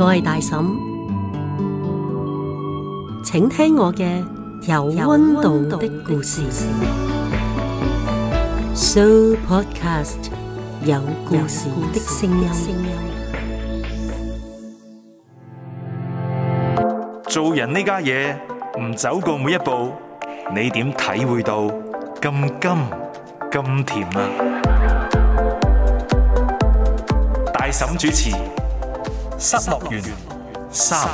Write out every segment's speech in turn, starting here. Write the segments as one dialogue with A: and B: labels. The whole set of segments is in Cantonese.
A: 我係大嬸，請聽我嘅有溫度的故事。So podcast 有故事的聲音。
B: 做人呢家嘢，唔走過每一步，你點體會到咁甘咁甜啊？大嬸主持。失樂
A: 園三。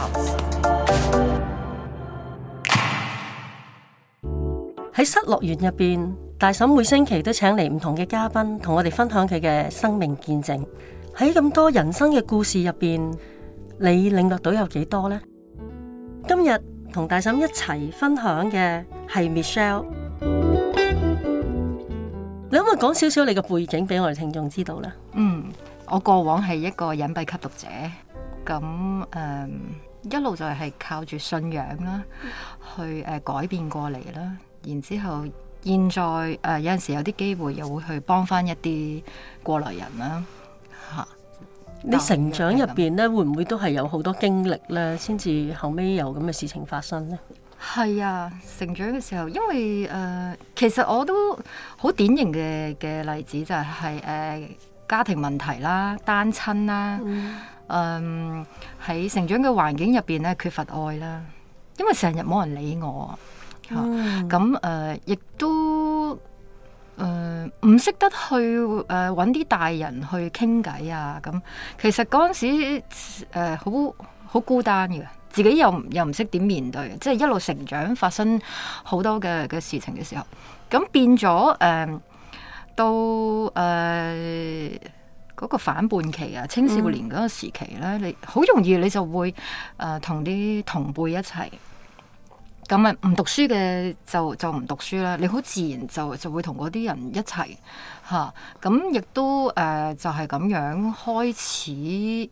A: 喺失樂園入邊，大嬸每星期都請嚟唔同嘅嘉賓，同我哋分享佢嘅生命見證。喺咁多人生嘅故事入邊，你領略到有幾多呢？今日同大嬸一齊分享嘅係 Michelle，你可唔可以講少少你嘅背景俾我哋聽眾知道呢？嗯，
B: 我過往係一個隱蔽吸毒者。咁誒，一路就係靠住信仰啦，去誒改變過嚟啦。然之後，現在誒有陣時有啲機會又會去幫翻一啲過來人啦。吓，你成長入
A: 邊咧，會唔會都係有好多經歷咧，先至後尾有咁嘅事情發生咧？
B: 係啊，成長嘅時候，因為誒，其實我都好典型嘅嘅例子就係誒家庭問題啦，單親啦。嗯，喺、um, 成長嘅環境入邊咧，缺乏愛啦，因為成日冇人理我嚇，咁誒亦都誒唔識得去誒搵啲大人去傾偈啊。咁、嗯、其實嗰陣時、呃、好好孤單嘅，自己又又唔識點面對，即係一路成長發生好多嘅嘅事情嘅時候，咁、嗯、變咗誒到誒。呃嗰個反叛期啊，青少年嗰個時期咧，嗯、你好容易你就會誒、呃、同啲同輩一齊，咁啊唔讀書嘅就就唔讀書啦，你好自然就就會同嗰啲人一齊吓，咁、啊、亦都誒、呃、就係、是、咁樣開始誒、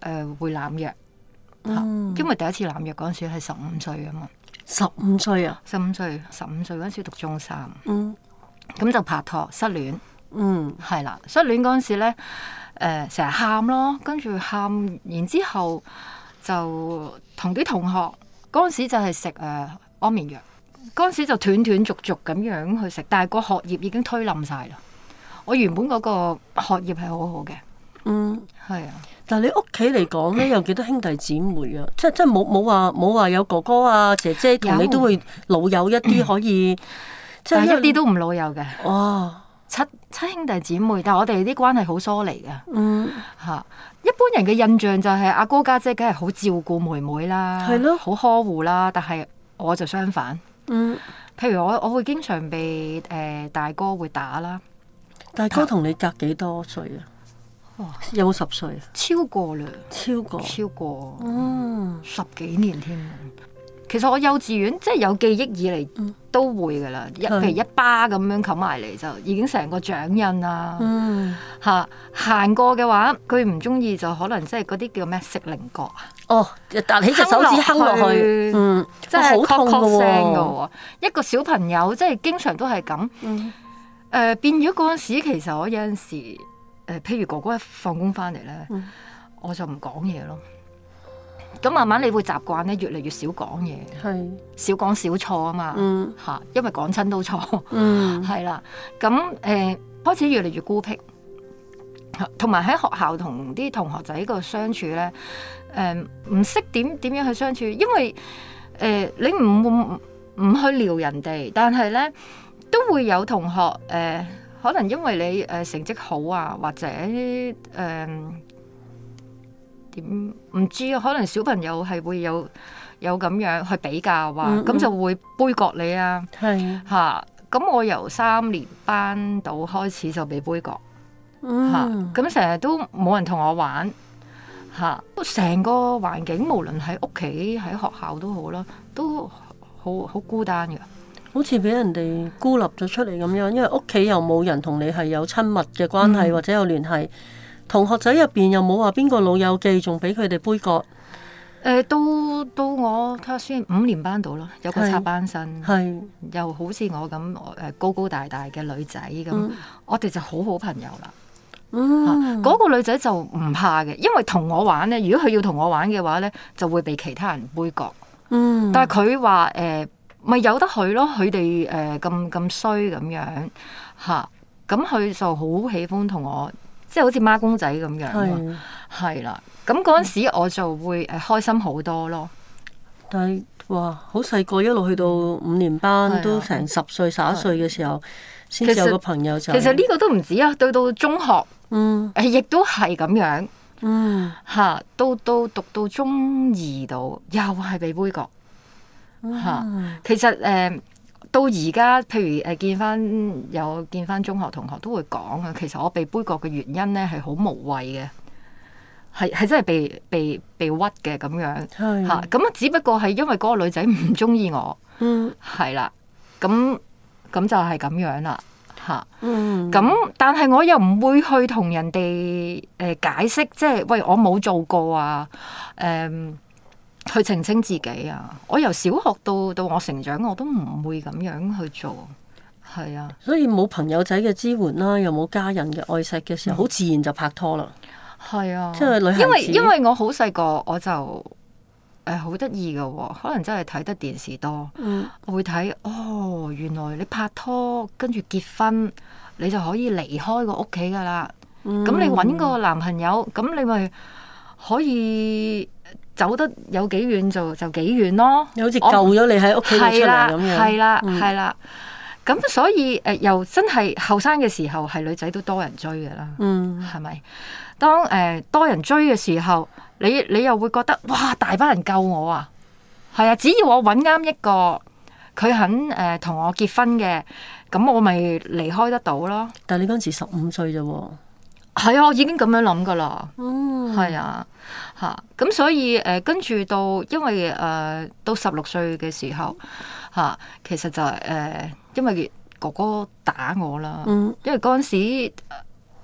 B: 呃、會濫藥，啊、嗯，因為第一次濫藥嗰陣時係十五歲啊嘛，十五歲啊，十五歲，十五歲嗰陣時讀中三，嗯，咁就拍拖失戀。嗯，係啦，失戀嗰陣時咧，誒、呃，成日喊咯，跟住喊，然之後就同啲同學嗰陣時就係食誒安眠藥，嗰陣時就斷斷續續咁樣去食，但係個學業已經推冧晒啦。我原本嗰個學業係好好嘅，嗯，係啊的。
A: 但係你屋企嚟講咧，有幾多兄弟姊妹啊？即係即係冇冇話冇話有哥哥啊？姐姐同你都會老友一啲可以，嗯、即係一啲都
B: 唔老友嘅。哇。七七兄弟姊妹，但係我哋啲關係好疏離嘅。嗯，吓、啊、一般人嘅印象就係、是、阿哥家姐梗係好照顧妹妹啦，係咯的，好呵護啦。但係我就相反。嗯，譬如我我會經常被誒、呃、大哥會打啦。
A: 大哥同你隔幾多歲啊？哇、哦，
B: 有冇十歲啊？超過啦，超過，超過，嗯，十幾年添。其實我幼稚園即係有記憶以嚟都會噶啦，一譬如一巴咁樣冚埋嚟就已經成個掌印啦。吓行過嘅話，佢唔中意就可能即係嗰啲叫咩食菱角啊？哦，彈起隻手指，哼落去，嗯，真係好痛嘅。一個小朋友即係經常都係咁。誒，變咗嗰陣時，其實我有陣時，誒，譬如哥哥放工翻嚟咧，我就唔講嘢咯。咁慢慢你會習慣咧，越嚟越少講嘢，係少講少錯啊嘛，吓、嗯，因為講親都錯，係啦、嗯。咁誒、呃、開始越嚟越孤僻，同埋喺學校同啲同學仔個相處咧，誒唔識點點樣去相處，因為誒、呃、你唔會唔去撩人哋，但係咧都會有同學誒、呃、可能因為你誒、呃、成績好啊或者誒。呃點唔知啊？可能小朋友係會有有咁樣去比較，話咁就會杯葛你啊。係吓咁，hmm. 啊、我由三年班到開始就俾杯葛吓，咁成日都冇人同我玩吓，都、啊、成個環境，無論喺屋企、喺學校都好啦，都好好孤單嘅，好似俾人哋孤立咗
A: 出嚟咁樣。因為屋企又冇人同你係有親密嘅關係、mm hmm. 或者有聯繫。同學仔入邊又冇話邊個老友記，仲俾佢哋杯葛。
B: 誒、呃，到到我睇下先，五年班到啦，有個插班生，係，又好似我咁誒、呃、高高大大嘅女仔咁，我哋就好好朋友啦。嗰、嗯啊，那個女仔就唔怕嘅，因為同我玩咧，如果佢要同我玩嘅話咧，就會被其他人杯葛。嗯、但係佢話誒，咪、呃、由得佢咯，佢哋誒咁咁衰咁樣吓，咁、啊、佢就好喜歡同我。即係好似孖公仔咁樣，係啦的。咁嗰陣時我就會誒開心好多咯。但係哇，
A: 好細個一路去到五年班的都成十歲十一歲嘅時候，先的有個朋友，就其實呢
B: 個都唔止啊。到到中學，嗯，亦都係咁樣，嗯吓，到到讀到中二度又係被杯葛吓。嗯嗯、其實誒。呃到而家，譬如誒，見翻有見翻中學同學都會講啊，其實我被杯葛嘅原因咧係好無謂嘅，係係真係被被被屈嘅咁樣，吓咁是啊，只不過係因為嗰個女仔唔中意我，嗯，係啦，咁咁就係咁樣啦，吓、啊，咁、嗯、但係我又唔會去同人哋誒解釋，即、就、係、是、喂我冇做過啊，誒、嗯。去澄清自己啊！我由小學到到我成長，我都唔會咁樣去做，係啊。
A: 所以冇朋友仔嘅支援啦，啊，又冇家人嘅愛錫嘅時候，好、嗯、自然就拍拖啦。
B: 係啊，即係旅行因。因為因為我好細個，我就誒好得意噶，可能真係睇得電視多。嗯、我會睇哦，原來你拍拖跟住結婚，你就可以離開個屋企噶啦。咁、嗯、你搵個男朋友，咁你咪。可以走得有幾遠就就幾遠咯，你好似救咗你喺屋企出嚟咁樣，係啦係啦，咁所以誒又真係後生嘅時候係女仔都多人追噶啦，嗯係咪？當誒多人追嘅時候，你你又會覺得哇大把人救我啊，係啊，只要我揾啱一個佢肯誒同我結婚嘅，咁我咪離開得到咯。但係你嗰陣時十五歲咋？係啊，我已經咁樣諗噶啦，係、嗯、啊，吓、嗯、咁所以誒跟住到，因為誒、呃、到十六歲嘅時候吓、啊，其實就係誒、呃、因為哥哥打我啦，嗯、因為嗰陣時誒、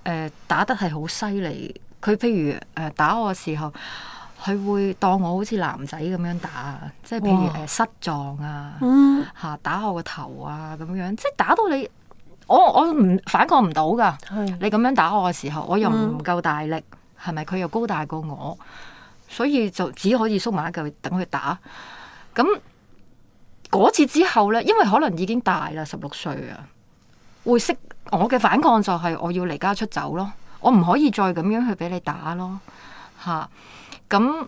B: 呃、打得係好犀利，佢譬如誒、呃、打我嘅時候，佢會當我好似男仔咁樣打，即係譬如誒失、呃、撞啊，吓、嗯、打我個頭啊咁樣，即係打到你。我我唔反抗唔到噶，是你咁樣打我嘅時候，我又唔夠大力，係咪佢又高大過我，所以就只可以縮埋一嚿等佢打。咁嗰次之後呢，因為可能已經大啦，十六歲啊，會識我嘅反抗就係我要離家出走咯，我唔可以再咁樣去俾你打咯，吓、啊、咁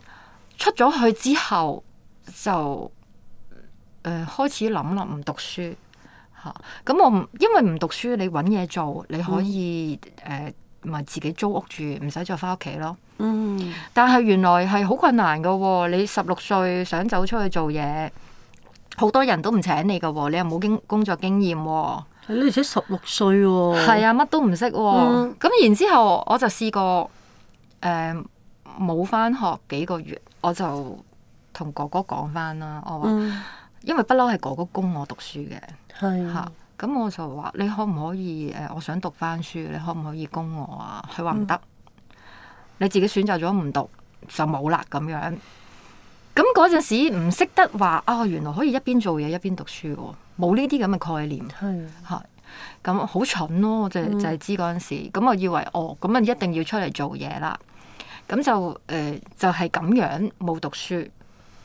B: 出咗去之後就誒、呃、開始諗啦，唔讀書。咁我唔，嗯、因為唔讀書，你搵嘢做，你可以誒，咪、呃、自己租屋住，唔使再翻屋企咯。嗯，但係原來係好困難㗎，你十六歲想走出去做嘢，好多人都唔請你㗎，你又冇經工作經驗，你而且十六歲，係啊，乜、啊、都唔識。咁、嗯、然之後，我就試過誒，冇、呃、翻學幾個月，我就同哥哥講翻啦，我話。嗯因為不嬲係哥哥供我讀書嘅，吓咁是、啊、我就話你可唔可以誒、呃，我想讀翻書，你可唔可以供我啊？佢話唔得，嗯、你自己選擇咗唔讀就冇啦咁樣。咁嗰陣時唔識得話啊，原來可以一邊做嘢一邊讀書喎，冇呢啲咁嘅概念，係咁好蠢咯、哦，就就係知嗰陣時咁、嗯、我以為哦咁啊，一定要出嚟做嘢啦，咁就誒、呃、就係、是、咁樣冇讀書。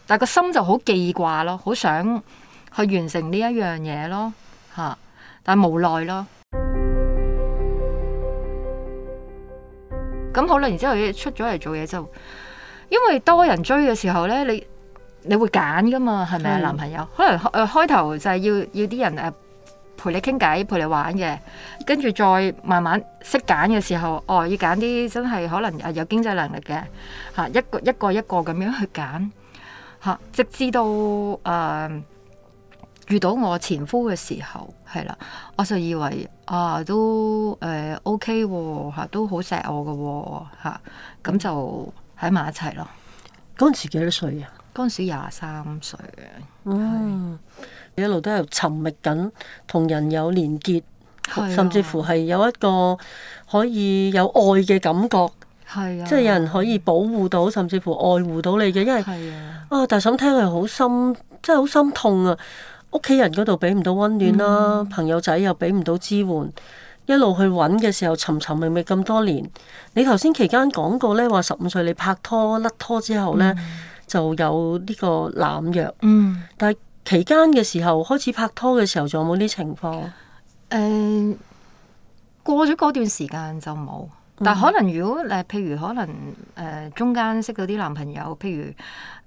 B: 但個心就好記掛咯，好想去完成呢一樣嘢咯，嚇！但無奈咯，咁好啦然之後你出咗嚟做嘢之後，因為多人追嘅時候咧，你你會揀噶嘛？係咪啊？男朋友可能開頭就係要要啲人誒陪你傾偈，陪你玩嘅，跟住再慢慢識揀嘅時候，哦要揀啲真係可能誒有經濟能力嘅嚇一個一個一個咁樣去揀。吓，直至到誒、uh, 遇到我前夫嘅時候，係啦，我就以為啊，都誒、uh, OK 喎，都好錫我嘅喎，咁就喺埋一齊咯。嗰陣時幾多歲啊？嗰陣時廿三歲嘅、啊，嗯、你一路
A: 都係尋覓緊，同人有連結，的甚至乎係有一個可以有愛嘅感覺。啊、即係有人可以保護到，甚至乎愛護到你嘅，
B: 因
A: 為啊，啊，大嬸聽係好心，即係好心痛啊！屋企人嗰度俾唔到溫暖啦、啊，嗯、朋友仔又俾唔到支援，一路去揾嘅時候，尋尋覓覓咁多年。你頭先期間講過呢，話十五歲你拍拖甩拖之後呢、嗯、就有呢個濫藥。嗯，但係期間嘅時候開始拍拖嘅時候，仲有冇啲情況？
B: 誒、嗯，過咗嗰段時間就冇。但可能如果誒，譬如可能誒、呃，中間識到啲男朋友，譬如誒，佢、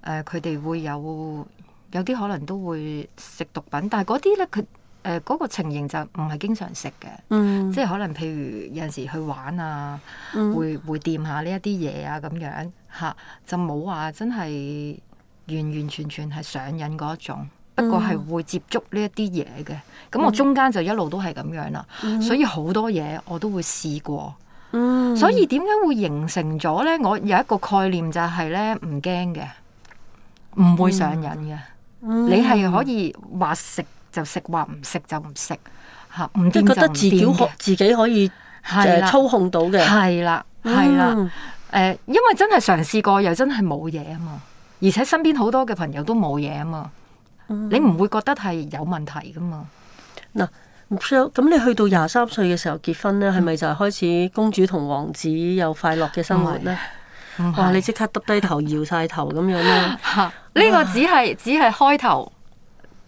B: 呃、哋會有有啲可能都會食毒品，但係嗰啲咧佢誒嗰個情形就唔係經常食嘅，嗯、即係可能譬如有陣時去玩啊，會會掂下呢一啲嘢啊，咁樣吓、啊、就冇話真係完完全全係上癮嗰一種，不過係會接觸呢一啲嘢嘅。咁我中間就一路都係咁樣啦、啊，嗯、所以好多嘢我都會試過。Mm hmm. 所以點解會形成咗咧？我有一個概念就係咧，唔驚嘅，唔會上癮嘅。Mm hmm. 你係可以話食就食，話唔食就唔食，吓唔變就唔變嘅。自己可以誒操控到嘅，係啦，係啦。誒，mm hmm. 因為真係嘗試過，又真係冇嘢，啊嘛。而且身邊好多嘅朋友都冇嘢啊嘛。Mm hmm. 你唔會覺得係有問題噶嘛？嗱、mm。Hmm. 咁，
A: 你去到廿三歲嘅時候結婚咧，係咪就係開始公主同王子有快樂嘅生活咧？
B: 哇不、啊！你
A: 即刻耷低頭搖晒頭咁樣啦？
B: 呢 個只係唉 只係開頭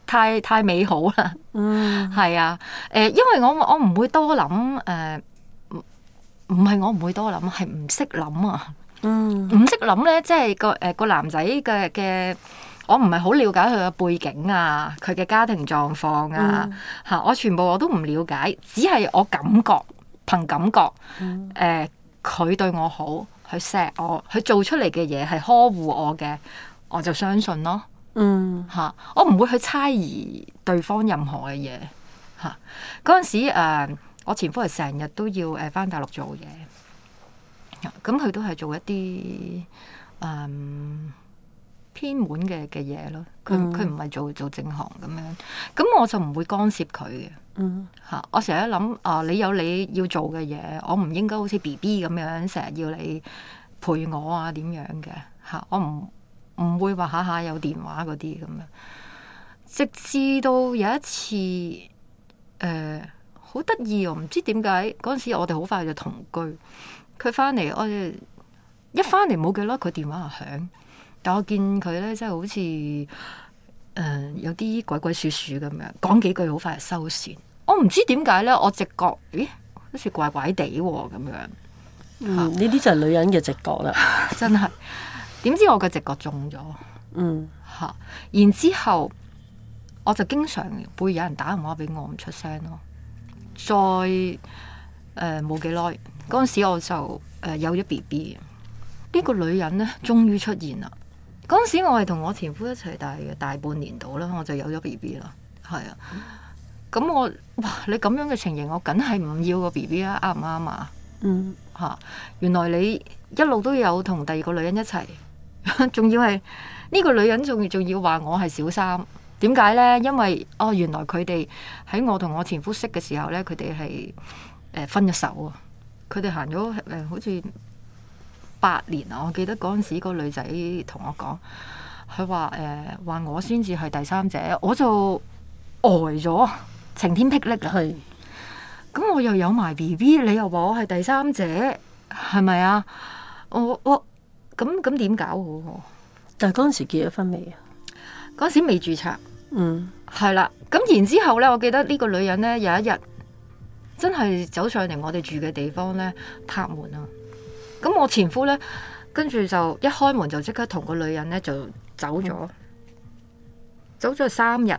B: 太，太太美好啦。嗯，係啊。誒、呃，因為我我唔會多諗。誒、呃，唔唔係我唔會多諗，係唔識諗啊。嗯呢，唔識諗咧，即係個誒個男仔嘅嘅。我唔係好了解佢嘅背景啊，佢嘅家庭狀況啊，嚇、嗯啊、我全部我都唔了解，只係我感覺，憑感覺，誒佢、嗯啊、對我好，佢錫我，佢做出嚟嘅嘢係呵護我嘅，我就相信咯，嗯嚇、啊，我唔會去猜疑對方任何嘅嘢嚇。嗰、啊、陣時、uh, 我前夫係成日都要誒翻大陸做嘢，咁、啊、佢都係做一啲嗯。Um, 偏門嘅嘅嘢咯，佢佢唔係做做正行咁樣，咁我就唔會干涉佢嘅。吓、嗯啊，我成日諗啊，你有你要做嘅嘢，我唔應該好似 B B 咁樣成日要你陪我啊，點樣嘅吓、啊，我唔唔會話下下有電話嗰啲咁樣。直至到有一次，誒、呃，好得意我唔知點解嗰陣時我哋好快就同居，佢翻嚟，我一翻嚟冇幾耐，佢電話就響。但我見佢咧，真係好似誒有啲鬼鬼祟祟咁樣，講幾句好快就收線。我唔知點解咧，我直覺咦好似怪怪地咁樣、樣。嗯，呢啲、啊、就係女人嘅直覺啦，真係。點知我嘅直覺中咗，嗯吓、啊。然之後我就經常會有人打電話俾我，唔出聲咯。再誒冇幾耐嗰陣時，我就誒有咗 BB。呢、呃呢個女人咧，終於出現啦。嗰陣時我係同我前夫一齊大約大半年度啦，我就有咗 B B 啦，係啊，咁我哇你咁樣嘅情形，我梗係唔要個 B B 啦，啱唔啱啊？嗯，嚇，原來你一路都有同第二個女人一齊，仲要係呢個女人仲要仲要話我係小三，點解呢？因為哦原來佢哋喺我同我前夫識嘅時候呢，佢哋係分咗手啊，佢哋行咗誒好似八年啊！我記得嗰陣時個女仔同我講，佢話誒，話我先至係第三者，我就呆咗，晴天霹靂啦！咁是我又有埋 B B，你又話我係第三者，係咪啊？我我咁咁點搞？但係嗰陣時結咗婚未啊？嗰陣時未註冊，嗯，係啦。咁然之後咧，我記得呢個女人咧有一日真係走上嚟我哋住嘅地方咧，拍門啊！咁我前夫咧，跟住就一開門就即刻同個女人咧就走咗，嗯、走咗三日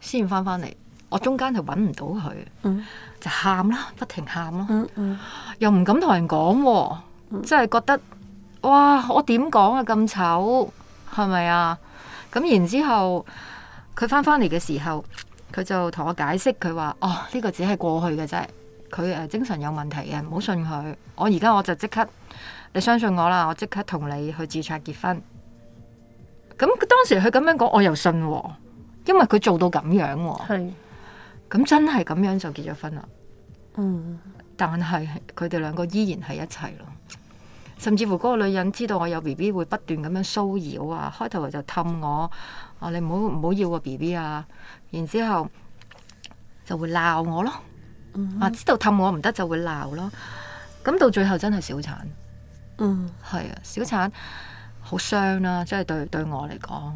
B: 先翻返嚟。我中間係揾唔到佢，嗯、就喊啦，不停喊咯，嗯嗯、又唔敢同人講、啊，即係、嗯、覺得哇，我點講啊？咁醜係咪啊？咁然之後佢翻返嚟嘅時候，佢就同我解釋，佢話哦呢、呢個只係過去嘅啫。佢誒精神有問題嘅，唔好信佢。我而家我就即刻，你相信我啦，我即刻同你去註冊結婚。咁當時佢咁樣講，我又信、哦，因為佢做到咁樣喎、哦。係是。咁真係咁樣就結咗婚啦。嗯。但係佢哋兩個依然喺一齊咯。甚至乎嗰個女人知道我有 B B 會不斷咁樣騷擾啊，開頭就氹我，啊你唔好唔好要，要，要個 B B 啊，然之後就會鬧我咯。.啊！知道氹我唔得，就會鬧咯。咁、嗯、到最後真係小產。嗯，係啊，小產好傷啦、啊，即、就、係、是、對對我嚟講。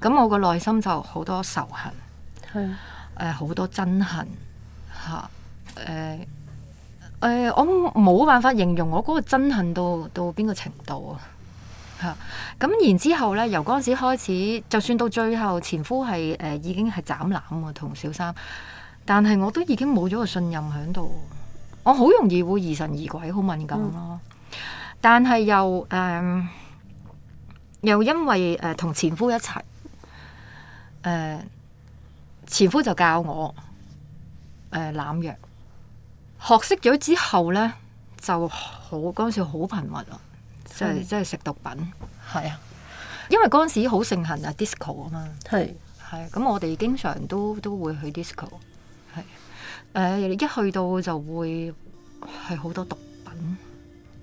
B: 咁我個內心就好多仇恨，係誒好多憎恨吓。誒、啊、誒、欸欸，我冇辦法形容我嗰個憎恨到到邊個程度啊！吓、啊、咁、啊，然之後咧，由嗰陣時開始，就算到最後前夫係誒、呃、已經係斬纜啊，同小三。但係我都已經冇咗個信任喺度，我好容易會疑神疑鬼，好敏感咯。嗯、但係又誒、呃，又因為誒同、呃、前夫一齊，誒、呃、前夫就教我誒濫藥，學識咗之後咧就好嗰陣時好頻密咯，即係、的即係即係食毒品，係啊的，因為嗰陣時好盛行啊 disco 啊嘛，係係咁，的我哋經常都都會去 disco。誒、呃、一去到就會係好多毒品，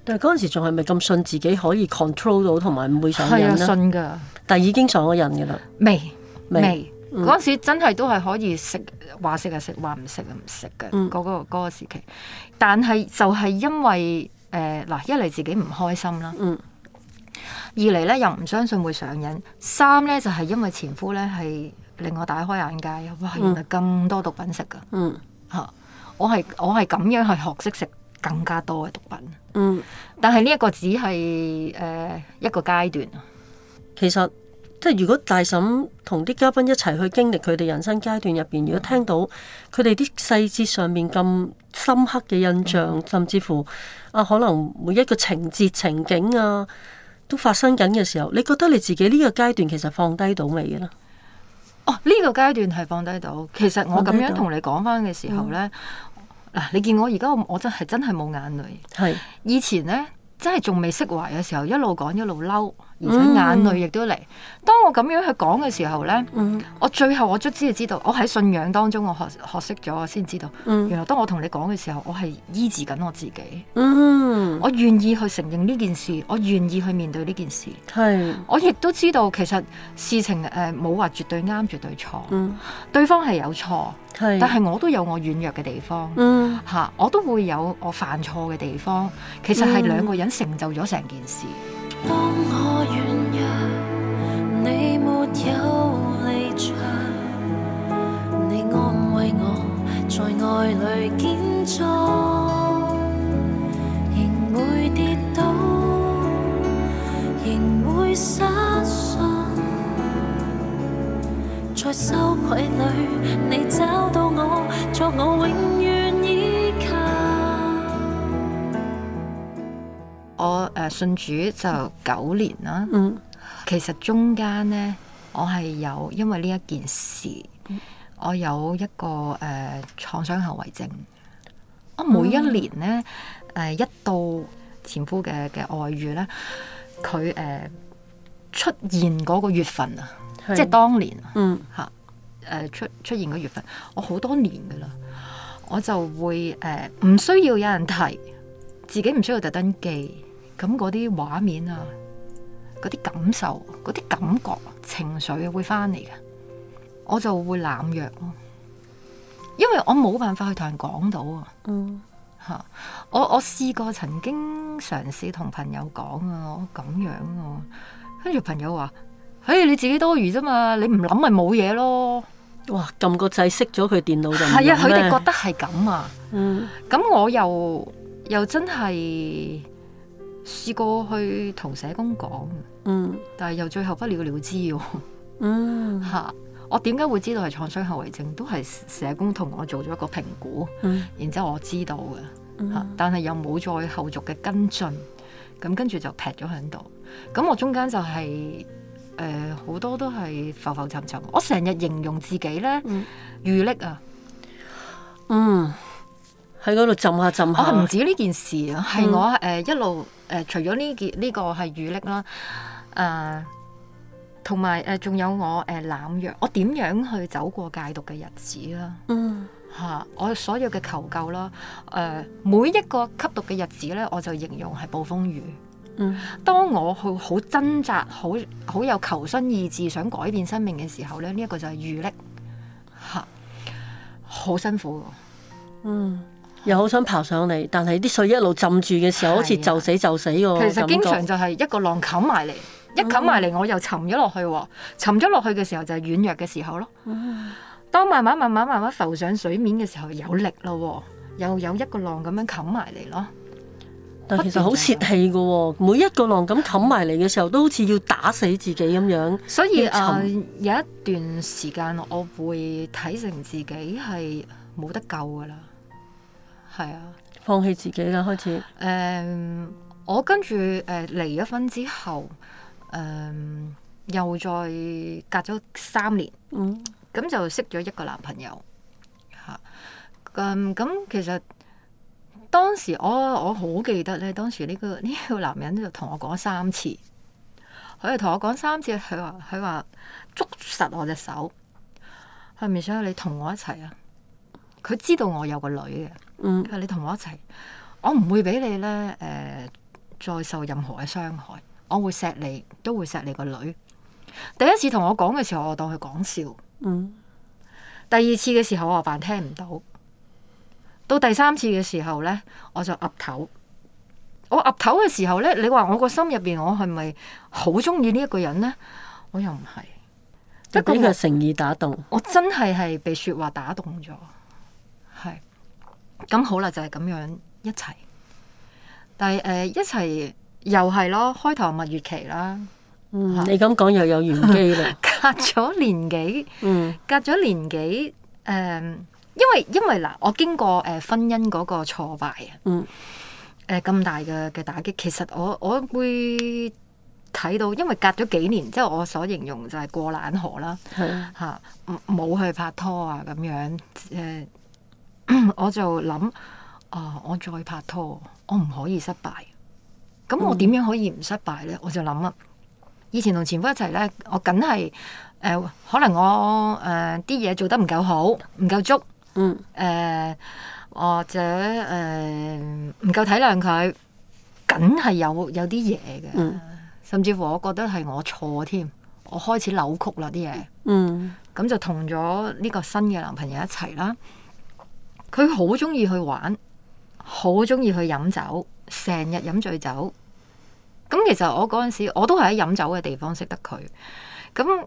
A: 但係嗰陣時仲係咪咁信自己可以 control 到同埋唔會上癮咧？信㗎，但係已經上咗癮㗎啦。未未嗰
B: 陣時真係都係可以食，話食就食，話唔食就唔食嘅嗰個嗰、嗰個、時期，嗯、但係就係因為誒嗱、呃、一嚟自己唔開心啦，嗯、二嚟咧又唔相信會上癮，三咧就係、係、因為前夫咧係令我大開眼界，哇原來咁多毒品食㗎。嗯吓、啊，我係我係咁樣去學識食更加多嘅毒品。嗯，但係呢、呃、一個只係誒一個階段啊。其實即係如果大
A: 嬸同啲嘉賓一齊去經歷佢哋人生階段入邊，如果聽到佢哋啲細節上面咁深刻嘅印象，嗯、甚至乎啊，可能每一個情節情景啊都發生緊嘅時候，你覺得你自己呢個階段其實放低到未嘅咧？
B: 哦，呢、這個階段係放低到，其實我咁樣同你講返嘅時候咧，嗱，你見我而家我，我真係真係冇眼淚，係是以前咧真係仲未釋懷嘅時候，一路講一路嬲。而且眼淚亦都嚟。當我咁樣去講嘅時候呢，嗯、我最後我卒之就知道。我喺信仰當中，我學學識咗，我先知道。嗯、原來當我同你講嘅時候，我係醫治緊我自己。嗯、我願意去承認呢件事，我願意去面對呢件事。是我亦都知道其實事情誒冇話絕對啱絕對錯。嗯。對方係有錯，是但係我都有我軟弱嘅地方。嗯、啊。我都會有我犯錯嘅地方。其實係兩個人成就咗成件事。
A: 當我軟弱，
B: 你沒
A: 有離場，你安慰我，在愛裏建造，仍會跌倒，仍會失信，在羞愧裏，你找到我，作我永遠。
B: 我誒信主就九年啦。嗯、其實中間呢，我係有因為呢一件事，嗯、我有一個誒、呃、創傷後遺症。我每一年呢，誒、嗯呃、一到前夫嘅嘅外遇呢，佢誒、呃、出現嗰個月份啊，即係當年嗯嚇出出現嗰月份，我好多年㗎喇，我就會誒唔、呃、需要有人提，自己唔需要特登記。咁嗰啲畫面啊，嗰啲感受、嗰啲感覺、情緒、啊、會翻嚟嘅，我就會濫藥咯。因為我冇辦法去同人講到啊。吓、嗯啊，我我試過曾經嘗試同朋友講啊，我咁樣啊，跟住朋友話，哎、欸，你自己多餘啫嘛，你唔諗咪冇嘢咯。哇，
A: 撳個掣熄咗佢電
B: 腦就係啊，佢哋、啊、覺得係咁啊。嗯，咁我又又真係。試過去同社工講，嗯，但係又最後不了了之了，嗯，吓， 我點解會知道係創傷後遺症？都係社工同我做咗一個評估，嗯，然之後我知道嘅，吓、嗯，但係又冇再後續嘅跟進，咁跟住就劈咗喺度，咁我中間就係誒好多都係浮浮沉沉，我成日形容自己咧，餘、嗯、力啊，嗯。喺嗰度浸下浸下，我唔止呢件事啊，係我誒一路誒，除咗呢件呢個係雨瀝啦，誒，同埋誒仲有我誒濫藥，我點樣去走過戒毒嘅日子啦？吓、嗯啊、我所有嘅求救啦，誒、啊，每一個吸毒嘅日子咧，我就形容係暴風雨。嗯，當我去好掙扎，好好有求生意志，想改變生命嘅時候咧，呢、這、一個就係雨瀝。吓、啊，好辛苦。嗯。
A: 又好想爬上嚟，但係啲水一路浸住嘅時候，的好似就死就死嘅。其實經常就
B: 係一個浪冚埋嚟，嗯、一冚埋嚟我又沉咗落去喎。沉咗落去嘅時候就係軟弱嘅時候咯。嗯、當慢慢慢慢慢慢浮上水面嘅時候有力咯，又有一個浪咁樣冚埋嚟咯。
A: 但其實好洩氣嘅，每一個浪咁冚埋嚟嘅時候，都好似要打死自己咁樣。所以沉、啊、有
B: 一段時間我會睇成自己係冇得救噶啦。係啊，放棄自己啦，開始。誒，我跟住誒離咗婚之後，誒、呃、又再隔咗三年，咁、嗯、就識咗一個男朋友。吓、啊，咁、啊、咁、嗯、其實當時我我好記得咧，當時呢、呢個呢、呢個男人咧就同我講三次，佢就同我講三次，佢話佢話捉實我隻手，係咪想你同我一齊啊？佢知道我有個女嘅。佢話你同我一齊，我唔會俾你咧，誒、呃，再受任何嘅傷害。我會錫你，都會錫你個女。第一次同我講嘅時候，我當佢講笑。嗯。第二次嘅時候，我扮聽唔到。到第三次嘅時候咧，我就岌頭。我岌頭嘅時候咧，你話我個心入邊，我係咪好中意呢一個人咧？我又唔係。即係被佢嘅誠意打動。我，我真係係被說話打動咗。咁好啦，就係咁樣一齊，但係誒一齊又係咯，開頭蜜月期啦。嗯，你
A: 咁講又有玄機啦。
B: 隔咗年幾，嗯，隔咗年幾，誒，因為因為嗱，我經過誒婚姻嗰個挫敗啊，嗯，誒咁大嘅嘅打擊，其實我我會睇到，因為隔咗幾年之後，我所形容就係過冷河啦，係吓，冇去拍拖啊咁樣，誒。我就諗啊、哦，我再拍拖，我唔可以失敗。咁我點樣可以唔失敗咧？我就諗啦，以前同前夫一齊咧，我梗係誒，可能我誒啲嘢做得唔夠好，唔夠足，嗯，誒、呃、或者誒唔夠體諒佢，梗係有有啲嘢嘅，嗯、甚至乎我覺得係我錯添，我開始扭曲啦啲嘢，嗯，咁就同咗呢個新嘅男朋友一齊啦。佢好中意去玩，好中意去飲酒，成日飲醉酒。咁其實我嗰陣時我都係喺飲酒嘅地方識得佢。咁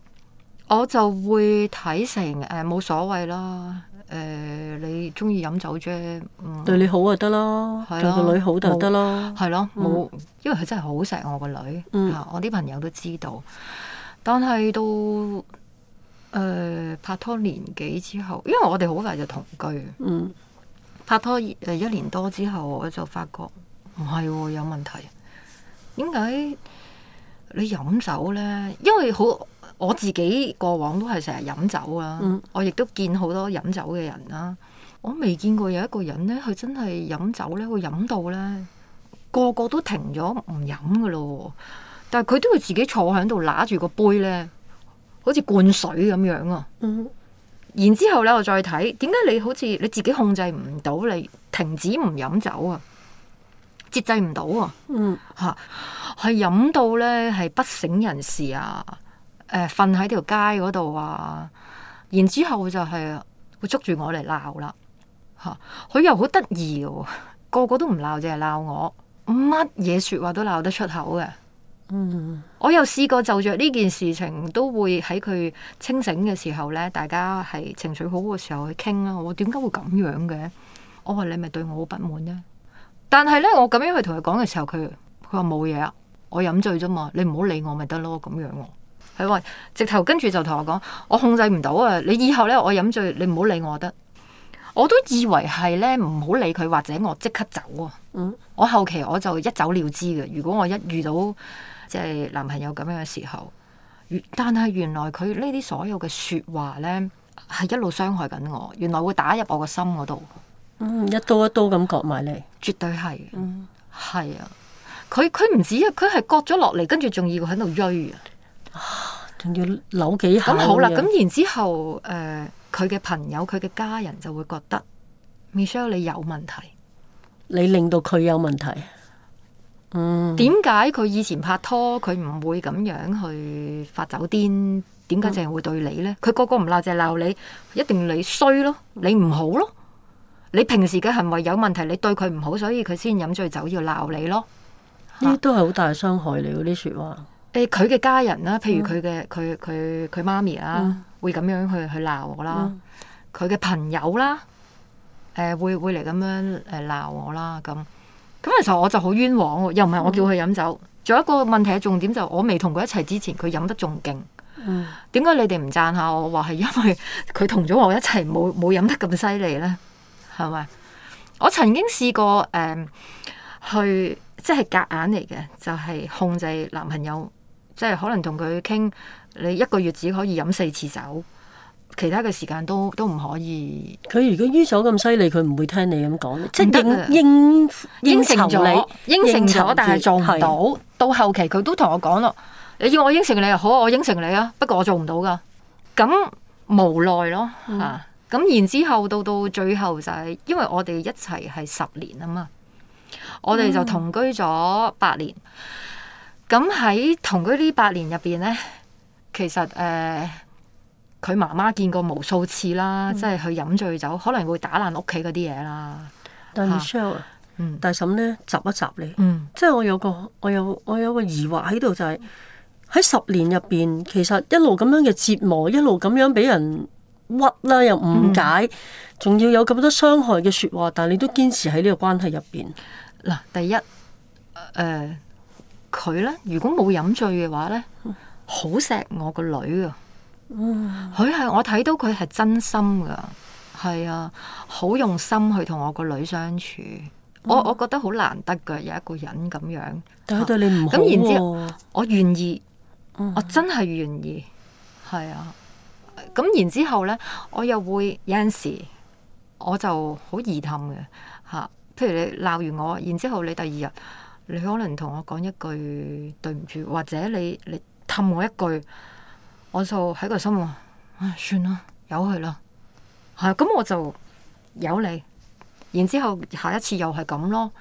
B: 我就會睇成誒冇、呃、所謂啦。誒、呃，你中意飲酒啫，嗯、對你好就得啦，對個女好就得啦，係咯。冇、嗯，因為佢真係好錫我個女，嗯、我啲朋友都知道。但係到。誒、呃，拍拖年幾之後，因為我哋好快就同居。嗯、拍拖一年多之後，我就發覺唔係、哦、有問題。點解你飲酒呢？因為好我自己過往都係成日飲酒啊。嗯、我亦都見好多飲酒嘅人啦、啊。我未見過有一個人呢，佢真係飲酒呢，會飲到呢，個個都停咗唔飲噶咯。但係佢都會自己坐喺度揦住個杯呢。好似灌水咁樣啊！嗯、然之後咧，我再睇，點解你好似你自己控制唔到，你停止唔飲酒啊？節制唔到啊！嗯，吓係飲到咧，係不省人事啊！誒、呃，瞓喺條街嗰度啊！然之後就係、是、會捉住我嚟鬧啦，吓、啊、佢又好得意個個都唔鬧，淨係鬧我，乜嘢說話都鬧得出口嘅。嗯，我又試過就着呢件事情，都會喺佢清醒嘅時候咧，大家係情緒好嘅時候去傾啊。我點解會咁樣嘅？我話你咪對我好不滿咧。但係咧，我咁樣去同佢講嘅時候，佢佢話冇嘢啊，我飲醉啫嘛，你唔好理我咪得咯。咁樣喎，係話直頭跟住就同我講，我控制唔到啊！你以後咧，我飲醉你唔好理我得。我都以為係咧，唔好理佢或者我即刻走啊。我後期我就一走了之嘅。如果我一遇到，即係男朋友咁樣嘅時候，但係原來佢呢啲所有嘅說話咧，係一路傷害緊我。原來會打入我個心嗰度，嗯，一刀一刀咁割埋嚟，絕對係，嗯，係啊，佢佢唔止啊，佢係割咗落嚟，跟住仲要喺度追啊，仲要扭幾下。咁好啦，咁然之後，誒、呃，佢嘅朋友，佢嘅家人就會覺得 Michelle 你有問題，你令到
A: 佢有問題。
B: 點解佢以前拍拖佢唔會咁樣去發酒癲？點解淨係會對你咧？佢、嗯、個個唔鬧淨係鬧你，一定你衰咯，你唔好咯，你平時嘅行為有問題，你對佢唔好，所以佢先飲醉酒要鬧你咯。呢都係好大嘅傷害你嗰啲說話。誒、嗯，佢嘅家人啦，譬、嗯、如佢嘅佢佢佢媽咪啦，媽媽啊嗯、會咁樣去去鬧我啦。佢嘅、嗯、朋友、啊呃、啦，誒會會嚟咁樣誒鬧我啦咁。咁其實我就好冤枉，又唔係我叫佢飲酒。仲有一個問題嘅重點就，我未同佢一齊之前，佢飲得仲勁。點解你哋唔讚下我話係因為佢同咗我一齊，冇冇飲得咁犀利呢，係咪？我曾經試過誒、呃，去即係夾硬嚟嘅，就係、是、控制男朋友，即係可能同佢傾，你一個月只可以飲四次酒。其他嘅時間都都唔可以。佢如果於所咁犀利，佢唔會
A: 聽你咁講。即係應應
B: 應酬你，應承咗但係做唔到。的到後期佢都同我講咯，你要我應承你，好、啊，我應承你啊。不過我做唔到噶，咁無奈咯。吓、嗯、咁、啊、然之後到到最後就係、是，因為我哋一齊係十年啊嘛，我哋就同居咗八年。咁喺、嗯、同居呢八年入邊咧，其實誒。呃佢媽媽見過無數次啦，即係佢飲醉酒，可能會打爛屋企嗰啲嘢啦。但係 Michelle，嗯，大嬸咧，集一集咧，嗯、即係我有個，我有
A: 我有個疑惑喺度，就係、是、喺十年入邊，其實一路咁樣嘅折磨，一路咁樣俾人屈啦，又誤解，仲要、嗯、有咁多傷害嘅説
B: 話，但係你都堅持喺呢個關係入邊。嗱，第一，誒、呃，佢咧，如果冇飲醉嘅話咧，好錫、嗯、我個女啊！佢係、嗯、我睇到佢係真心噶，係啊，好用心去同我個女相處，嗯、我我覺得好難得噶，有一個人咁樣。啊、但係佢對你唔好、啊，咁然之後我願意，我真係願意，係啊。咁然之後咧，我又會有陣時，我就好易氹嘅吓。譬如你鬧完我，然之後你第二日，你可能同我講一句對唔住，或者你你氹我一句。我就喺個心話，唉，算啦，由佢啦，係咁我就由你。然之後下一次又係咁咯。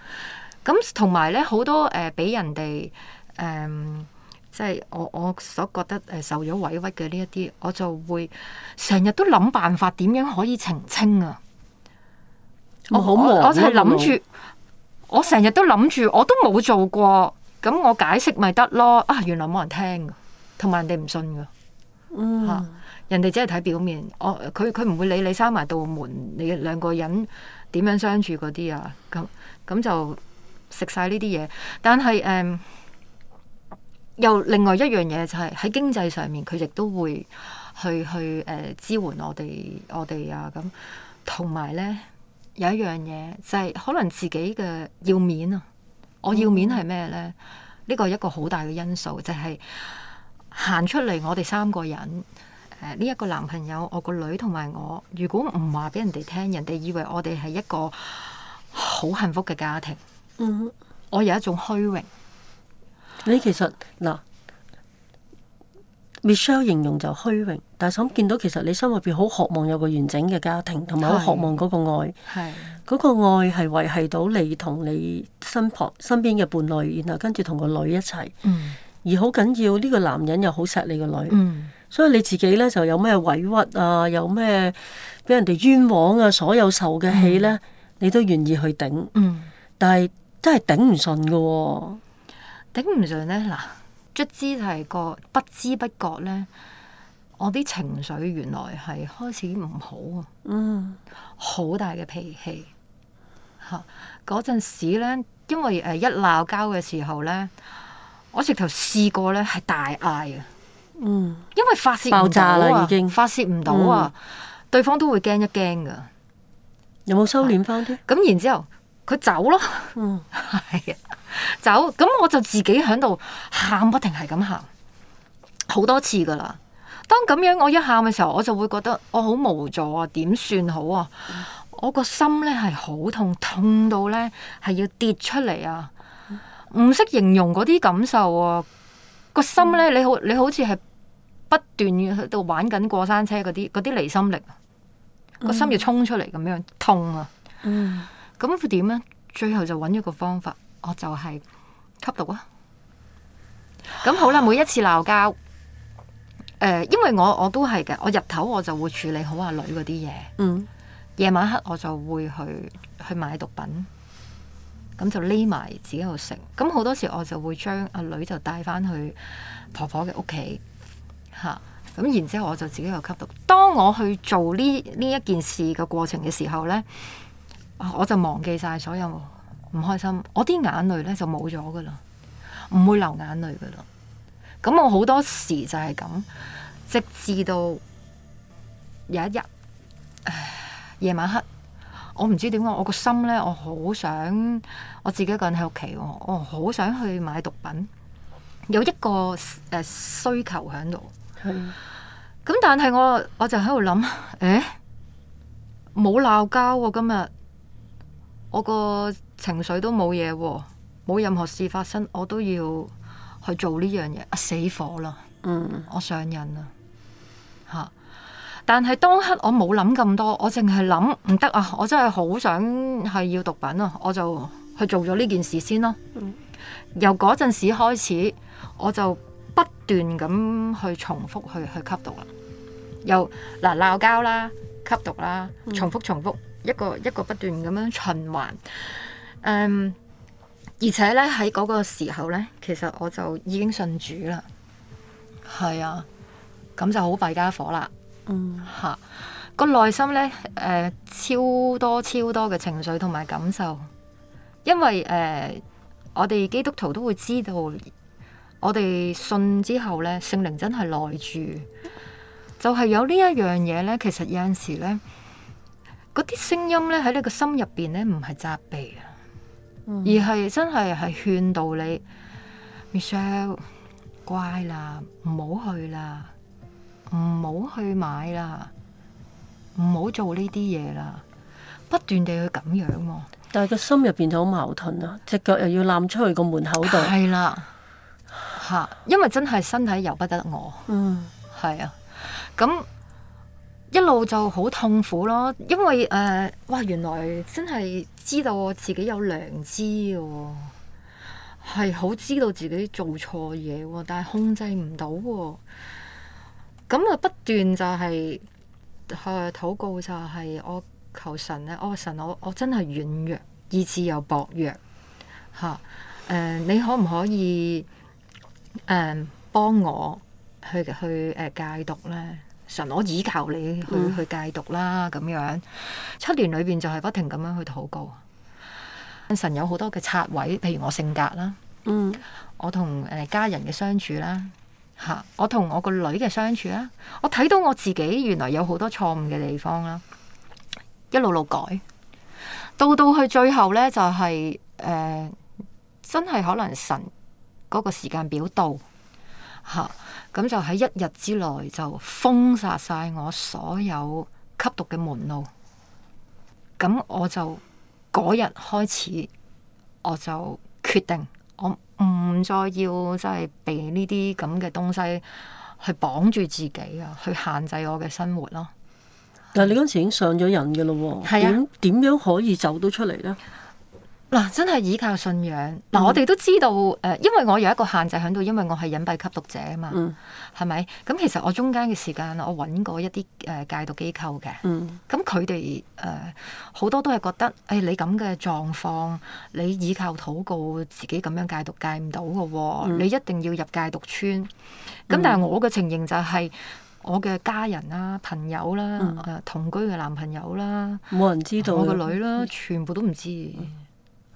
B: 咁同埋咧，好多誒，俾人哋誒，即係我我所覺得誒，受咗委屈嘅呢一啲，我就會成日都諗辦法點樣可以澄清啊。
A: 我好忙我係諗住，
B: 我成日都諗住，我都冇做過，咁我解釋咪得咯。啊，原來冇人聽噶，同埋人哋唔信噶。吓、啊、人哋只係睇表面，我佢佢唔會理你閂埋道門，你兩個人點樣相處嗰啲啊？咁咁就食晒呢啲嘢。但係誒、嗯，又另外一樣嘢就係喺經濟上面，佢亦都會去去誒、呃、支援我哋我哋啊。咁同埋咧，有一樣嘢就係可能自己嘅要面啊，嗯、我要面係咩咧？呢、這個係一個好大嘅因素就係、是。行出嚟，我哋三個人，誒呢一個男朋友，我個女同埋我，如果唔話俾人哋聽，人哋以為我哋係一個好幸福嘅家庭。嗯，我有一種虛榮。你其實嗱，Michelle 形容就虛榮，但
A: 係想諗見到其實你心入邊好渴望有個完整嘅家庭，同埋好渴望嗰個愛。係嗰的個愛係維繫到你同你身旁身邊嘅伴侶，然後跟住同個女一齊。嗯。而好緊要呢個男人又好錫你個女，嗯、所以你自己呢就有咩委屈啊，有咩俾人哋冤枉啊，所有受嘅氣呢，嗯、你都願意去頂。嗯、但係真係頂唔順㗎，
B: 頂唔順呢？嗱，卒之係個不知不覺呢，我啲情緒原來係開始唔好啊，
A: 嗯，
B: 好大嘅脾氣。吓嗰陣時呢，因為誒一鬧交嘅時候呢。我直頭試過咧，係大嗌啊！嗯，因為發洩爆炸啦，已經發洩唔到啊，嗯、對方都會驚一驚噶。有冇收斂翻啲？咁然之後佢走咯。係、嗯、 啊，走。咁我就自己喺度喊不停，係咁喊好多次噶啦。當咁樣我一喊嘅時候，我就會覺得我好無助啊！點算好啊？我個心咧係好痛，痛到咧係要跌出嚟啊！唔識形容嗰啲感受啊，個心咧，你好你好似係不斷去度玩緊過山車嗰啲嗰啲離心力，啊、那。個心要衝出嚟咁樣、嗯、痛啊！嗯，咁點咧？最後就揾咗個方法，我就係吸毒啊！咁好啦，每一次鬧交，誒、啊呃，因為我我都係嘅，我日頭我就會處理好阿女嗰啲嘢，夜、嗯、晚黑我就會去去買毒品。咁就匿埋自己度食，咁好多時我就會將阿女就帶翻去婆婆嘅屋企，吓、啊，咁然之後我就自己又吸毒。當我去做呢呢一件事嘅過程嘅時候呢，我就忘記晒所有唔開心，我啲眼淚呢就冇咗噶啦，唔會流眼淚噶啦。咁我好多時就係咁，直至到有一日夜晚黑。我唔知點解，我個心咧，我好想我自己一個人喺屋企，我好想去買毒品，有一個誒、呃、需求喺度。係的。咁但係我我就喺度諗，誒、欸，冇鬧交，今日我個情緒都冇嘢、啊，冇任何事發生，我都要去做呢樣嘢，啊，死火啦，嗯，我上癮啦，吓、啊。但係當刻我冇諗咁多，我淨係諗唔得啊！我真係好想係要毒品啊！我就去做咗呢件事先咯。嗯，由嗰陣時開始，我就不斷咁去重複去去吸毒啦，又嗱鬧交啦，吸毒啦，嗯，重複重複一個一個不斷咁樣循環，嗯。而且呢，喺嗰個時候呢，其實我就已經信主啦。係啊，咁就好弊家伙啦。嗯，吓個內心咧，誒、呃，超多超多嘅情緒同埋感受，因為誒、呃，我哋基督徒都會知道，我哋信之後咧，聖靈真係內住，嗯、就係有呢一樣嘢咧，其實有陣時咧，嗰啲聲音咧喺你個心入邊咧，唔係責備啊，嗯、而係真係係勸導你、嗯、，Michelle，乖啦，唔好去啦。唔好去買啦，唔好做呢啲嘢啦,不斷地去咁樣喎。
A: 但係個心入邊就好矛盾啊，隻腳又要攬出去個門口度。係啦，
B: 吓，因為真係身體由不得我。嗯，係啊，咁一路就好痛苦咯，因為誒、呃，哇，原來真係知道我自己有良知嘅喎，係好知道自己做錯嘢喎，但係控制唔到喎。咁啊，不斷就係去禱告，就係我求神咧、哦，我神，我我真係軟弱，意志又薄弱，吓誒、呃，你可唔可以誒幫、呃、我去去誒戒、呃、毒咧？神，我倚靠你去去戒毒啦，咁樣、嗯、七年裏邊就係不停咁樣去禱告。神有好多嘅插位，譬如我性格啦，嗯，我同誒家人嘅相處啦。吓！我同我個女嘅相處啦，我睇到我自己原來有好多錯誤嘅地方啦，一路路改，到到去最後呢，就係、是、誒、呃，真係可能神嗰個時間表到吓，咁、啊、就喺一日之內就封殺晒我所有吸毒嘅門路，咁我就嗰日開始我就決定。唔再要即係被呢啲咁嘅東西去綁住自己啊，去限制我嘅生活咯。
A: 但係你嗰陣時已經上咗癮嘅咯。係啊，點點的樣可以走到
B: 出嚟咧？嗱，真係依靠信仰。嗱、嗯，我哋都知道，誒、嗯呃，因為我有一個限制喺度，因為我係隱蔽吸毒者啊嘛，係咪、嗯？咁其實我中間嘅時間，我揾過一啲誒戒毒機構嘅，咁佢哋誒好多都係覺得，誒、哎，你咁嘅狀況，你倚靠禱告自己咁樣戒毒戒唔到嘅喎，嗯、你一定要入戒毒村。咁但係我嘅情形就係、是、我嘅家人啦、朋友啦、呃、同居嘅男朋友啦，冇全 人知道我個女啦，全部都唔知。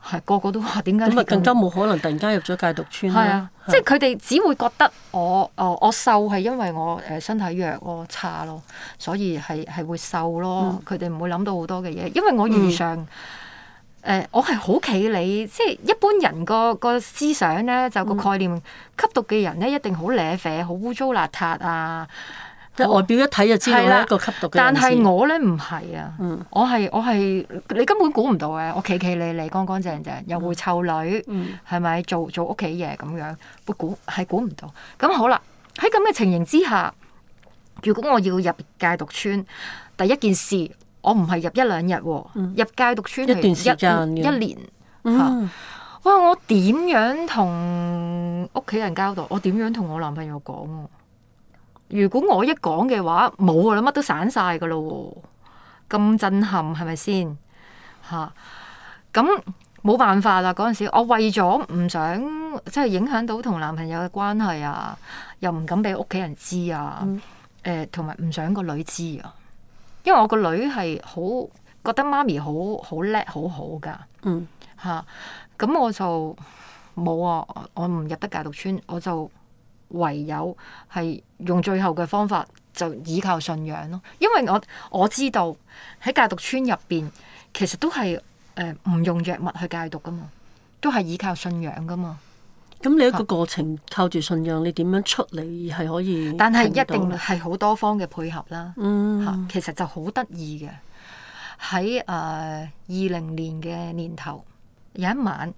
B: 係個個都話點解咁咪更加冇
A: 可能突然間入咗戒毒村啦？嗯、啊，
B: 啊即係佢哋只會覺得我哦我，我瘦係因為我誒身體弱咯差咯，所以係係會瘦咯。佢哋唔會諗到好多嘅嘢，因為我遇上誒、嗯呃、我係好企理，即係一般人個個思想咧就個概念，嗯、吸毒嘅人咧一定好㗎㗎，好污糟邋遢啊！外表一睇就知道係一個吸毒嘅但係我咧唔係啊！我係我係你根本估唔到嘅，我企企理理、乾乾淨淨，又會湊女，係咪、嗯嗯、做做屋企嘢咁樣？估係估唔到。咁好啦，喺咁嘅情形之下，如果我要入戒毒村，第一件事我唔係入一兩日、啊，嗯、入戒毒村係一一年。哇、嗯啊！我點樣同屋企人交代？我點樣同我男朋友講？如果我一講嘅話，冇啊啦，乜都散晒噶咯。咁震撼係咪先？吓，咁、啊、冇辦法啦。嗰陣時，我為咗唔想即係影響到同男朋友嘅關係啊，又唔敢俾屋企人知啊，誒、嗯，同埋唔想個女知啊，因為我個女係好覺得媽咪好好叻好好噶，吓、啊，咁我就冇啊，我唔入得戒毒村，我就。唯有係用最後嘅方法，就倚靠信仰咯，因為我我知道喺戒毒村入邊，其實都係誒唔用藥物去戒毒噶嘛，都係依靠信仰噶嘛。
A: 咁你一個過程是靠住信仰，你點樣出嚟係可以？但係一定係
B: 好多方嘅配合啦。吓、嗯、其實就好得意嘅。喺誒二零年嘅年頭，有一晚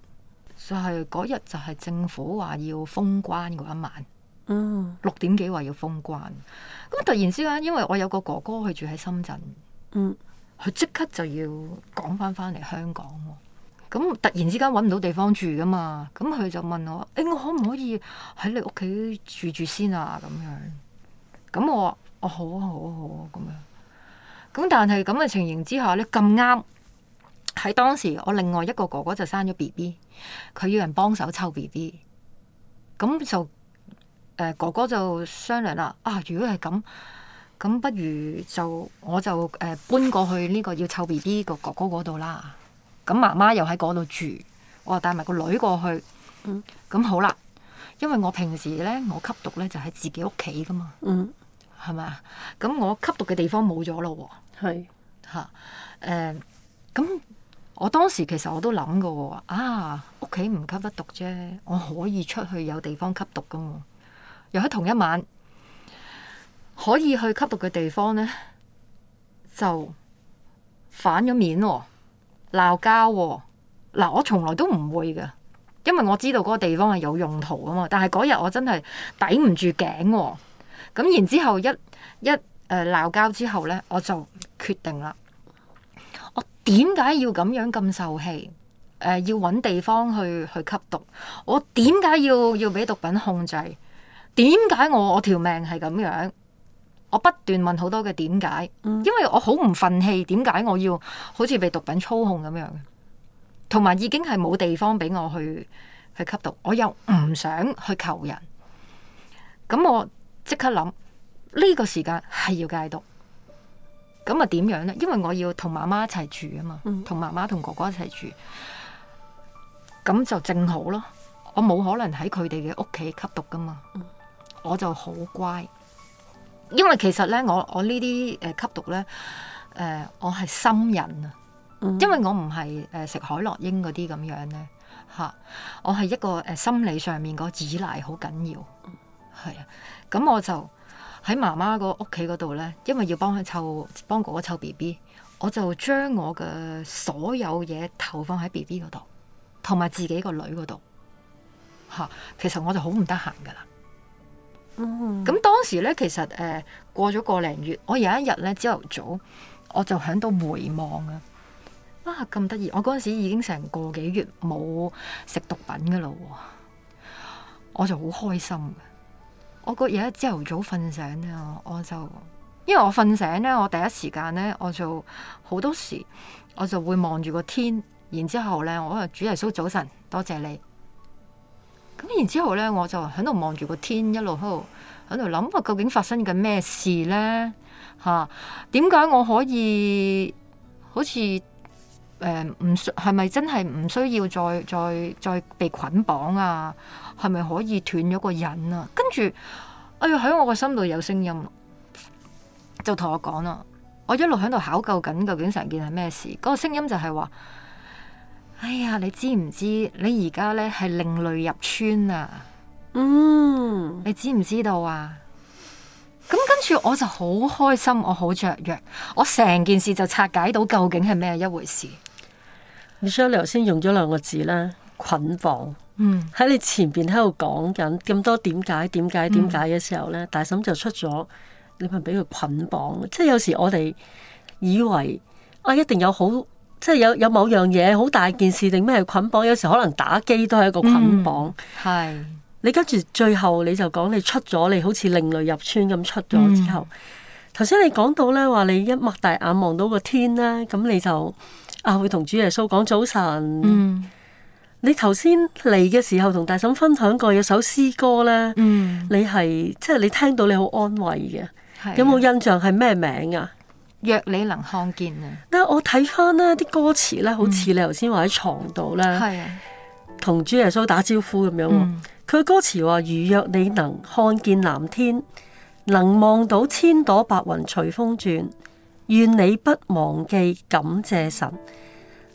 B: 就係嗰日就係政府話要封關嗰一晚。嗯，六點幾話要封關，咁突然之間，因為我有個哥哥佢住喺深圳，嗯，佢即刻就要趕翻翻嚟香港，咁突然之間搵唔到地方住噶嘛，咁佢就問我，誒、欸，我可唔可以喺你屋企住住先啊？咁樣，咁我話，我、哦、好啊，好啊，好啊，咁樣，咁但係咁嘅情形之下咧，咁啱喺當時，我另外一個哥哥就生咗 B B，佢要人幫手湊 B B，咁就。誒哥哥就商量啦，啊，如果係咁，咁不如就我就誒、呃、搬過去呢、這個要湊 B B 個哥哥嗰度啦。咁媽媽又喺嗰度住，我又帶埋個女過去。嗯，咁好啦，因為我平時咧，我吸毒咧就喺、是、自己屋企噶嘛。嗯，係咪啊？咁我吸毒嘅地方冇咗咯喎。係嚇，誒，咁我當時其實我都諗過喎，啊屋企唔吸得毒啫，我可以出去有地方吸毒噶嘛。又喺同一晚可以去吸毒嘅地方咧，就反咗面鬧交、哦。嗱、哦啊，我從來都唔會嘅，因為我知道嗰個地方係有用途㗎嘛。但係嗰日我真係抵唔住頸、哦，咁、啊、然後、呃、之後一一誒鬧交之後咧，我就決定啦。我點解要咁樣咁受氣？誒、呃，要搵地方去去吸毒？我點解要要俾毒品控制？點解我我條命係咁樣？我不斷問好多嘅點解，因為我好唔忿氣，點解我要好似被毒品操控咁樣？同埋已經係冇地方俾我去去吸毒，我又唔想去求人。咁我即刻諗呢個時間係要戒毒。咁啊點樣呢？因為我要同媽媽一齊住啊嘛，同媽媽同哥哥一齊住。咁就正好咯，我冇可能喺佢哋嘅屋企吸毒噶嘛。我就好乖，因為其實咧，我我呢啲誒吸毒咧，誒、呃呃、我係心癮啊，嗯、因為我唔係誒食海洛因嗰啲咁樣咧，吓、啊、我係一個誒、呃、心理上面個依賴好緊要，係、嗯、啊，咁我就喺媽媽個屋企嗰度咧，因為要幫佢湊，幫哥哥湊 B B，我就將我嘅所有嘢，投放喺 B B 嗰度，同埋自己個女嗰度，吓、啊、其實我就好唔得閒噶啦。咁、嗯、當時咧，其實誒、呃、過咗個零月，我有一日咧，朝頭早我就喺度回望啊！啊，咁得意！我嗰陣時已經成個幾月冇食毒品㗎喇，我就好開心。我嗰日一朝頭早瞓醒啊，我就因為我瞓醒咧，我第一時間咧，我就好多時我就會望住個天，然之後咧，我話主耶穌早晨，多謝你。咁然之後咧，我就喺度望住個天，一路喺度喺度諗啊，究竟發生緊咩事咧？嚇點解我可以好似誒唔係，咪真係唔需要再再再被捆綁啊？係咪可以斷咗個引啊？跟住、哎、我要喺我個心度有聲音，就同我講啦。我一路喺度考究緊究，究竟成件係咩事，嗰個聲音就係話。哎呀，你知唔知你而家咧係另類入村啊？嗯，你知唔知道啊？咁跟住我就好開心，我好雀躍，我成件事就拆解到究竟係咩一回事。
A: 所以你頭先用咗兩個字咧，捆綁。嗯，喺你前邊喺度講緊咁多點解？點解？點解嘅時候咧，嗯、大嬸就出咗，你咪俾佢捆綁。即係有時我哋以為啊，一定有好。即係有有某樣嘢好大件事定咩係捆綁？有時可能打機都係一個捆綁。係、嗯、你跟住最後你就講你出咗，你好似另類入村咁出咗之後。頭先、嗯、你講到咧話你一擘大眼望到個天咧，咁你就啊會同主耶穌講早晨。嗯、你頭先嚟嘅時候同大嬸分享過有首詩歌咧，嗯、你係即係你聽到你好安慰嘅，是有冇印象係咩名啊？
B: 若你能看見啊，但，我睇返呢啲歌詞咧，好似你頭
A: 先話喺床度咧，同、嗯、主耶穌打招呼咁樣。佢、嗯、歌詞話：如若你能看見藍天，能望到千朵白雲隨風轉，願你不忘記感謝神。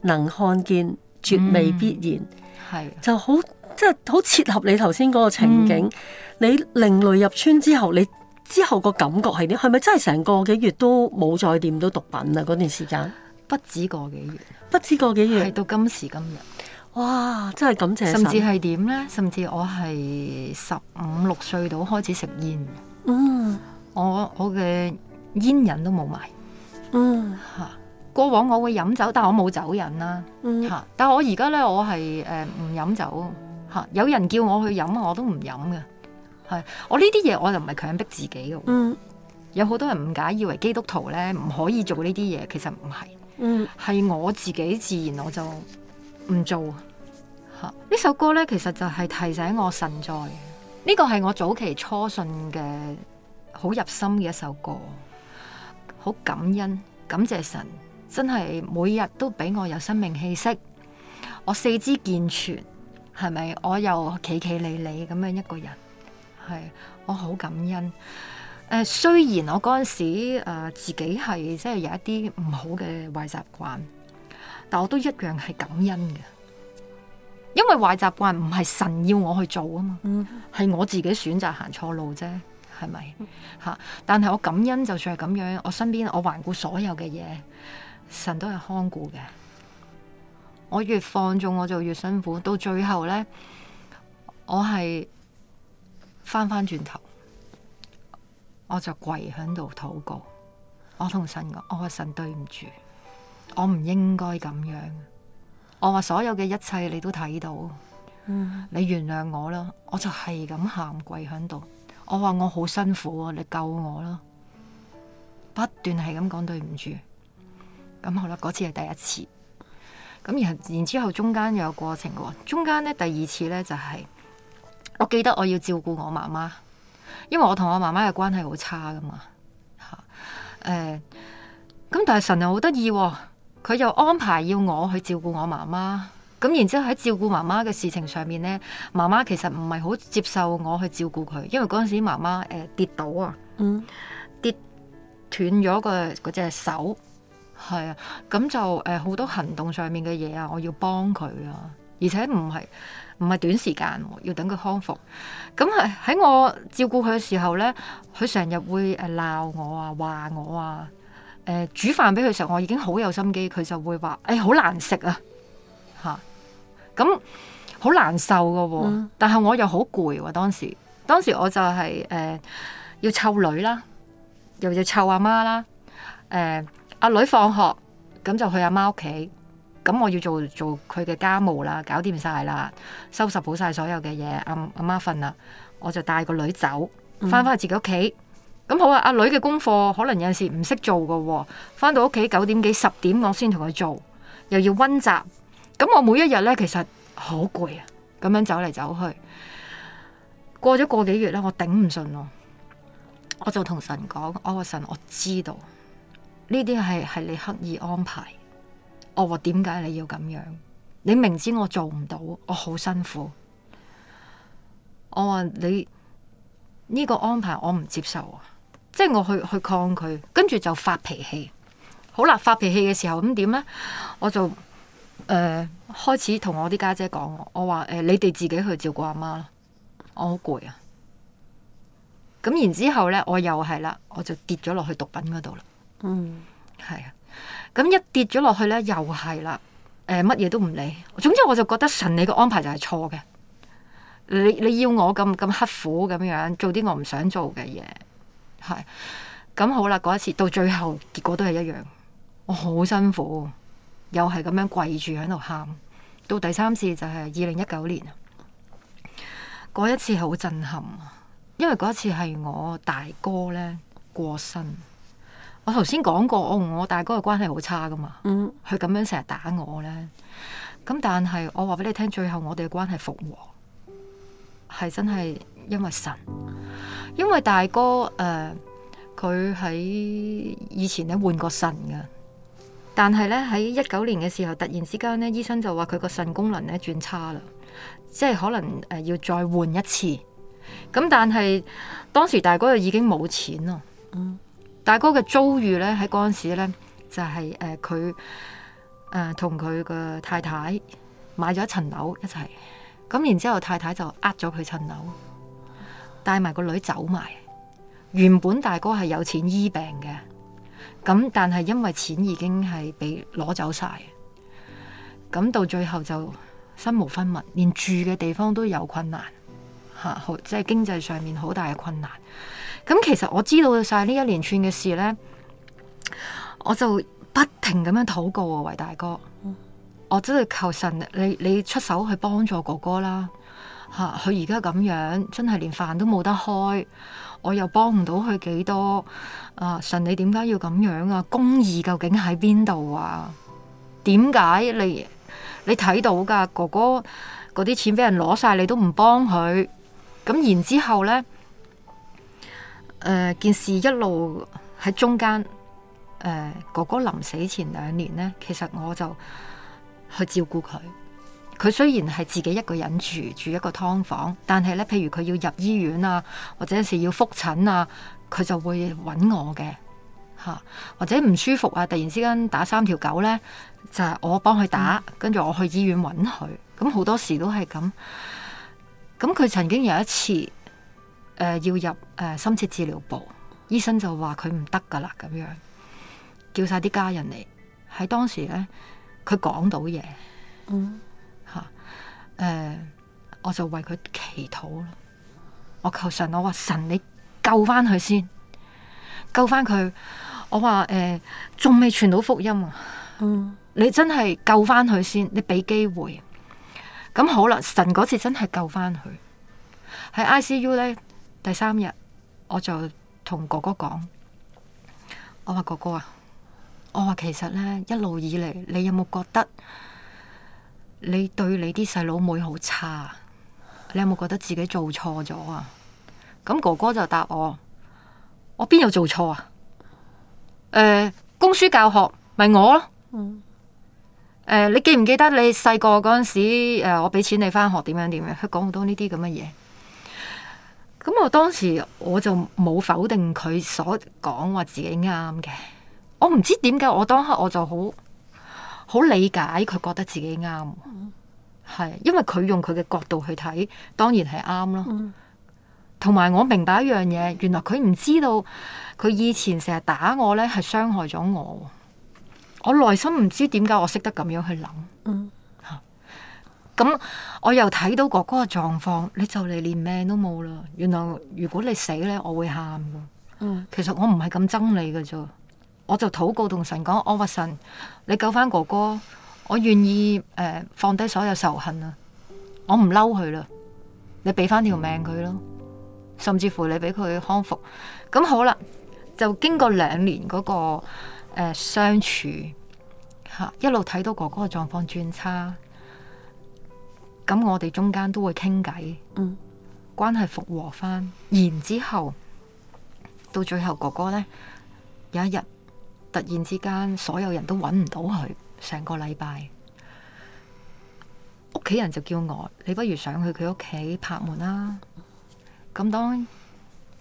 A: 能看見絕未必然，係、嗯、就好很，即係好切合你頭先嗰個情景。嗯、你另類入村之後，你。之後個感覺係點？係咪真係成個幾月都冇再掂到毒品啊？嗰段時間
B: 不止個幾月，不止個幾月，係到今時今日，哇！真係感謝神。甚至係點呢？甚至我係十五六歲到開始食煙，嗯，我我嘅煙癮都冇埋，嗯吓。過往我會飲酒，但我冇酒癮啦，吓、嗯。但係我而家呢，我係誒唔飲酒，吓有人叫我去飲我都唔飲嘅。係我呢啲嘢，我就唔係強迫自己嘅。嗯，有好多人誤解以為基督徒咧唔可以做呢啲嘢，其實唔係。嗯，係我自己自然我就唔做。吓，呢首歌咧，其實就係提醒我神在呢、呢個係我早期初信嘅好入心嘅一首歌，好感恩感謝神，真係每日都俾我有生命氣息，我四肢健全，係咪我又企企理理咁樣一個人？係，我好感恩。誒、呃，雖然我嗰陣時誒、呃、自己係即係有一啲唔好嘅壞習慣，但我都一樣係感恩嘅。因為壞習慣唔係神要我去做啊嘛，係我自己選擇行錯路啫，係咪吓？但係我感恩就算係咁樣，我身邊我環顧所有嘅嘢，神都係看顧嘅。我越放縱我就越辛苦，到最後咧，我係。翻翻轉頭，我就跪喺度禱告。我同神講，我話，神對唔住，我唔應該咁樣。我話所有嘅一切你都睇到，你原諒我啦。我就係咁喊跪喺度。我話我好辛苦啊，你救我啦。不斷係咁講對唔住。咁好啦，嗰次係第一次。咁然後，然之後中間有過程喎。中間咧第二次咧就係、是。我記得我要照顧我媽媽，因為我同我媽媽嘅關係好差噶嘛吓，誒、啊，咁但係神又好得意，佢又安排要我去照顧我媽媽，咁然之後喺照顧媽媽嘅事情上面呢，媽媽其實唔係好接受我去照顧佢，因為嗰陣時媽媽誒、呃、跌倒啊，嗯，跌斷咗個嗰隻手，係啊，咁就誒好、呃、多行動上面嘅嘢啊，我要幫佢啊，而且唔係。唔係短時間，要等佢康復。咁喺我照顧佢嘅時候咧，佢成日會誒鬧我啊，話我啊，誒、呃、煮飯俾佢食，我已經好有心機，佢就會話誒好難食啊，吓咁好難受噶、啊。嗯、但係我又好攰、啊，當時當時我就係、是、誒、呃、要湊女啦，又要湊阿媽啦。誒、呃、阿女放學咁就去阿媽屋企。咁我要做做佢嘅家務啦，搞掂晒啦，收拾好晒所有嘅嘢。阿阿媽瞓啦，我就帶個女走，翻翻去自己屋企。咁、嗯、好啊，阿女嘅功課可能有陣時唔識做噶、哦，翻到屋企九點幾、十點我先同佢做，又要溫習。咁我每一日咧，其實好攰啊，咁樣走嚟走去。過咗個幾月咧，我頂唔順咯，我就同神講：我、哦、話神，我知道呢啲係係你刻意安排。我話點解你要咁樣？你明知我做唔到，我好辛苦。我話你呢個安排我唔接受啊。即係我去去抗拒，跟住就發脾氣，好啦，發脾氣嘅時候咁點咧？我就誒、呃、開始同我啲家姐講，我話誒、呃、你哋自己去照顧阿媽啦，我好攰啊。咁然之後咧，我又係啦，我就跌咗落去毒品嗰度啦。嗯，係啊。咁一跌咗落去呢，又係啦，誒、呃，乜嘢都唔理。總之我就覺得神，你嘅安排就係錯嘅，你你要我咁咁刻苦咁樣做啲我唔想做嘅嘢，係咁好啦。嗰一次到最後結果都係一樣，我好辛苦，又係咁樣跪住喺度喊。到第三次就係二零一九年啊，嗰一次好震撼，因為嗰一次係我大哥呢過身。我頭先講過，我同我大哥嘅關係好差噶嘛，佢咁、嗯、樣成日打我咧，咁但係我話俾你聽，最後我哋嘅關係復和，係真係因為神，因為大哥誒，佢、呃、喺以前咧換過腎噶，但係咧喺一九年嘅時候，突然之間咧，醫生就話佢個腎功能咧轉差啦，即係可能誒要再換一次，咁但係當時大哥就已經冇錢啦。嗯大哥嘅遭遇呢，喺嗰陣時呢就係誒佢誒同佢嘅太太買咗一層樓一齊，咁然之後太太就呃咗佢層樓，帶埋個女走埋。原本大哥係有錢醫病嘅，咁但係因為錢已經係被攞走晒，咁到最後就身無分文，連住嘅地方都有困難，吓、啊、好即係、就是、經濟上面好大嘅困難。咁其實我知道晒呢一連串嘅事咧，我就不停咁樣禱告啊，為大哥，我真係求神，你你出手去幫助哥哥啦，吓佢而家咁樣，真係連飯都冇得開，我又幫唔到佢幾多啊！神，你點解要咁樣啊？公義究竟喺邊度啊？點解你你睇到噶哥哥嗰啲錢俾人攞晒，你都唔幫佢？咁、啊、然之後咧？誒、呃，件事一路喺中間。誒、呃，哥哥臨死前兩年咧，其實我就去照顧佢。佢雖然係自己一個人住，住一個劏房，但係咧，譬如佢要入醫院啊，或者有時要覆診啊，佢就會揾我嘅吓、啊，或者唔舒服啊，突然之間打三條狗咧，就係、是、我幫佢打，嗯、跟住我去醫院揾佢。咁好多時都係咁。咁佢曾經有一次。誒、呃，要入誒、呃、深切治療部，醫生就話佢唔得噶啦，咁樣叫晒啲家人嚟。喺當時咧，佢講到嘢，吓、嗯，誒、啊呃，我就為佢祈禱啦。我求神，我話神，你救翻佢先，救翻佢。我話誒，仲未傳到福音啊，嗯、你真係救翻佢先，你俾機會。咁好啦，神嗰次真係救翻佢喺 ICU 咧。第三日，我就同哥哥講，我話哥哥啊，我話其實呢，一路以嚟，你有冇覺得你對你啲細佬妹好差？你有冇覺得自己做錯咗啊？咁哥哥就答我，我邊有做錯啊？誒、呃，供書教學咪、就是、我咯、嗯呃。你記唔記得你細個嗰陣時誒、呃，我俾錢你返學，點樣點樣？佢講好多呢啲咁嘅嘢。咁我當時我就冇否定佢所講話，自己啱嘅。我唔知點解我當刻我就好好理解佢覺得自己啱，係因為佢用佢嘅角度去睇，當然係啱咯。同埋、嗯、我明白一樣嘢，原來佢唔知道佢以前成日打我咧，係傷害咗我。我內心唔知點解我識得咁樣去諗。嗯咁我又睇到哥哥嘅狀況，你就嚟連命都冇啦。原來如果你死咧，我會喊噶。其實我唔係咁憎你㗎啫，我就禱告同神講：我、哦、佛神，你救翻哥哥，我願意誒、呃、放低所有仇恨啊！我唔嬲佢啦，你俾翻條命佢咯，嗯、甚至乎你俾佢康復。咁、嗯、好啦，就經過兩年嗰、那個誒、呃、相處吓、啊，一路睇到哥哥嘅狀況轉差。咁我哋中間都會傾偈，嗯、關係復和返，然之後到最後哥哥呢，有一日突然之間所有人都揾唔到佢，成個禮拜屋企人就叫我，你不如上去佢屋企拍門啦。咁當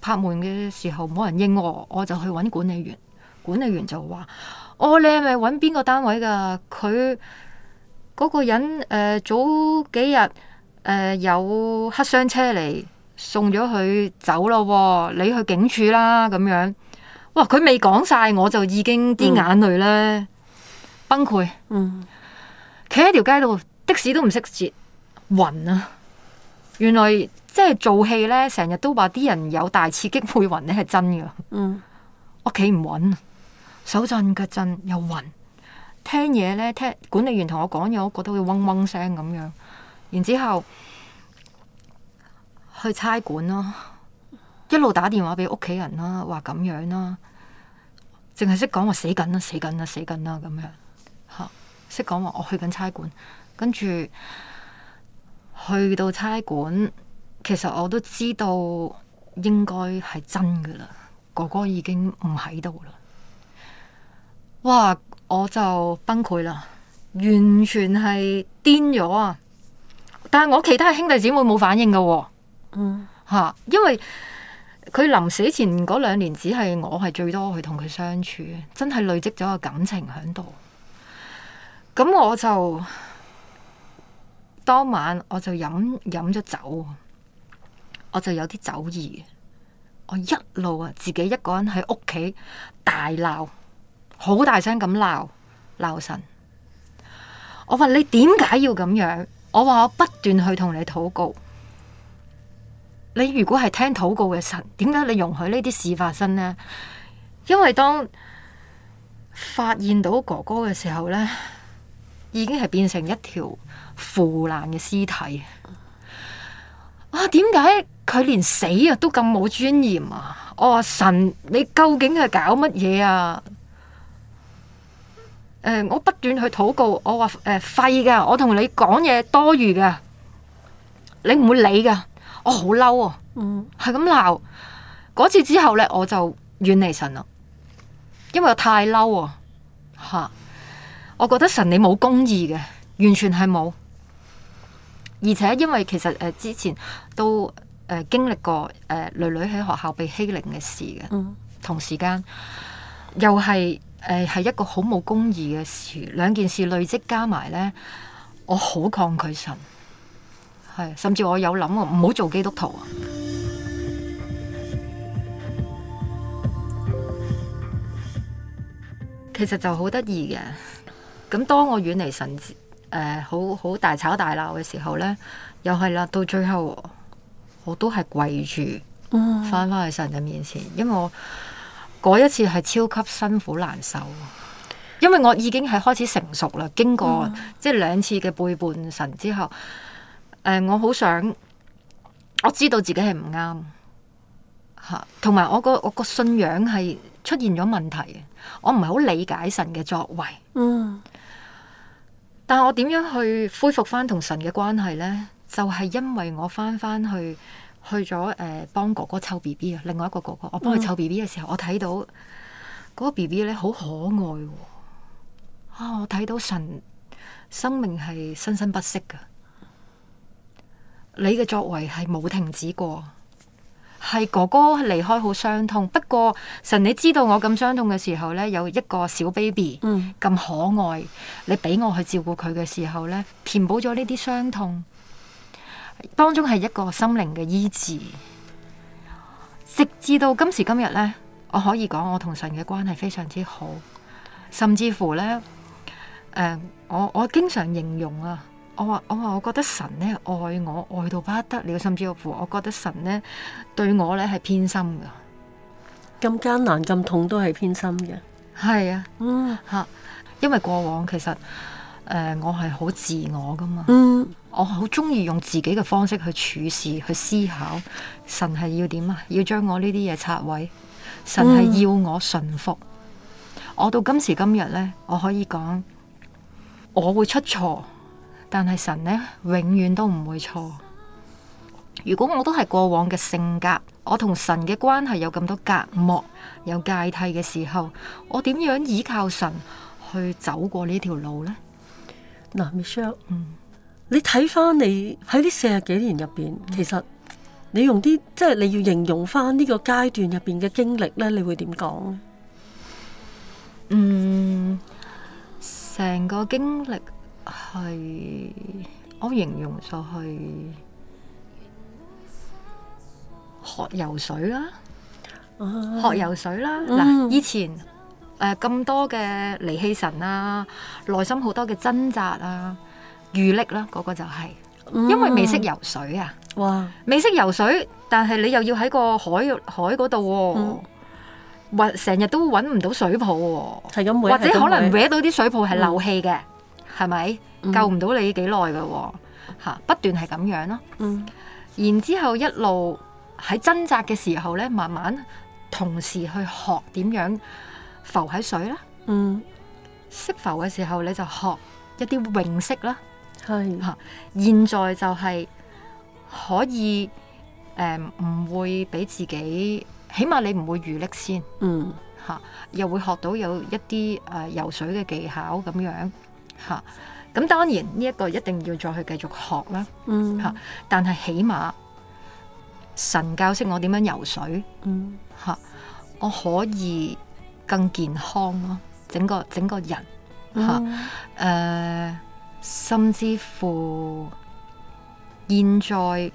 B: 拍門嘅時候冇人應我，我就去揾管理員，管理員就話：哦，你係咪揾邊個單位㗎？佢嗰個人誒、呃，早幾日誒、呃、有黑箱車嚟送咗佢走咯、呃，你去警署啦咁樣。哇，佢未講晒，我就已經啲眼淚咧崩潰。嗯，企喺條街度，的士都唔識截，暈啊。原來即係做戲咧，成日都話啲人有大刺激會暈咧，係真噶。嗯，我企唔穩，手震腳震又暈。聽嘢咧，聽管理員同我講嘢，我覺得會嗡嗡聲咁樣，然之後去差館咯，一路打電話俾屋企人啦，話咁樣啦，淨係識講話死緊啦，死緊啦，死緊啦咁樣，吓識講話我去緊差館，跟住去到差館，其實我都知道應該係真噶啦，哥哥已經唔喺度啦，哇！我就崩潰啦，完全係癲咗啊！但係我其他兄弟姊妹冇反應噶、哦，嗯吓，因為佢臨死前嗰兩年，只係我係最多去同佢相處，真係累積咗個感情喺度。咁我就，當晚我就飲飲咗酒，我就有啲酒意，我一路啊自己一個人喺屋企大鬧。好大聲咁鬧鬧神！我話你點解要咁樣？我話我不斷去同你禱告，你如果係聽禱告嘅神，點解你容許呢啲事發生呢？因爲當發現到哥哥嘅時候呢，已經係變成一條腐爛嘅屍體啊！點解佢連死啊都咁冇尊嚴啊？我話神，你究竟係搞乜嘢啊？誒，我不斷去禱告，我話，誒廢嘅，我同你講嘢多餘嘅，你唔會理噶，我好嬲啊，嗯，係咁鬧。嗰次之後咧，我就遠離神啦，因為我太嬲啊，吓哈，我覺得神你冇公義嘅，完全係冇。而且因為其實誒之前都誒經歷過誒女女喺學校被欺凌嘅事嘅，嗯，同時間又係。誒，係一個好冇公義嘅事，兩件事累積加埋呢，我好抗拒神，係甚至我有諗過，我唔好做基督徒。 其實就好得意嘅，咁當我遠離神，誒、呃，好好大吵大鬧嘅時候呢，又係啦，到最後我都係跪住，翻返去神嘅面前，因為我。嗰一次係超級辛苦難受，因為我已經係開始成熟啦。經過即係兩次嘅背叛神之後，誒、呃，我好想我知道自己係唔啱吓，同埋我個我個信仰係出現咗問題嘅，我唔係好理解神嘅作為。嗯，但係我點樣去恢復翻同神嘅關係呢？就係、是、因為我翻翻去。去咗誒幫哥哥湊 B B 啊，另外一個哥哥，我幫佢湊 B B 嘅時候，嗯、我睇到嗰個 B B 咧好可愛、哦，啊！我睇到神生命係生生不息噶你嘅作為係冇停止過，係哥哥離開好傷痛，不過神你知道我咁傷痛嘅時候呢，有一個小 baby 咁可愛，嗯、你俾我去照顧佢嘅時候呢，填補咗呢啲傷痛。當中係一個心靈嘅醫治，直至到今時今日呢，我可以講我同神嘅關係非常之好，甚至乎呢、呃，我我經常形容啊，我話我話我覺得神呢愛我愛到不得了，甚至乎我覺得神呢對我呢係偏心噶，咁艱難咁痛都係偏心嘅，係啊，吓、嗯，因為過往其實、呃、我係好自我噶嘛，嗯。我好中意用自己嘅方式去處事、去思考。神係要點啊？要將我呢啲嘢拆毀。神係要我順服。嗯、我到今時今日呢，我可以講我會出錯，但係神呢，永遠都唔會錯。如果我都係過往嘅性格，我同神嘅關係有咁多隔膜、嗯、有芥蒂嘅時候，我點樣依靠神去走過呢條路呢？嗱，Michelle，、嗯
A: 你睇翻你喺呢四十幾年入邊，其實你用啲即係你要形容翻呢個階段入邊嘅經歷咧，你會點講？
B: 嗯，成個經歷係我形容就係學游水啦，學游水啦。嗱，以前誒咁多嘅離氣神啊，內心好多嘅掙扎啊。預力啦，嗰個就係、
A: 是，嗯、因為未識游
B: 水啊！哇，未識游水，但係你又要喺個海海度喎、啊，成日、嗯、都揾唔到水泡喎、啊，每次每次或者可能搣到啲水泡係漏氣嘅，係咪？救唔到你幾耐嘅喎，不斷係咁樣咯、啊。嗯、然之後一路喺掙扎嘅時候咧，慢慢同時去學點樣浮喺水啦、啊。嗯，識、嗯、浮嘅時候你就學一啲泳式啦、啊。係吓，是現在就係可以誒，唔、呃、會俾自己，起碼你唔會餘力先。嗯吓、啊，又會學到有一啲誒、呃、游水嘅技巧咁樣吓。咁、啊、當然呢一個一定要再去繼續學啦。吓、嗯啊，但係起碼神教識我點樣游水。吓、嗯啊，我可以更健康咯，整個整個人吓誒。啊嗯啊呃甚至乎，現在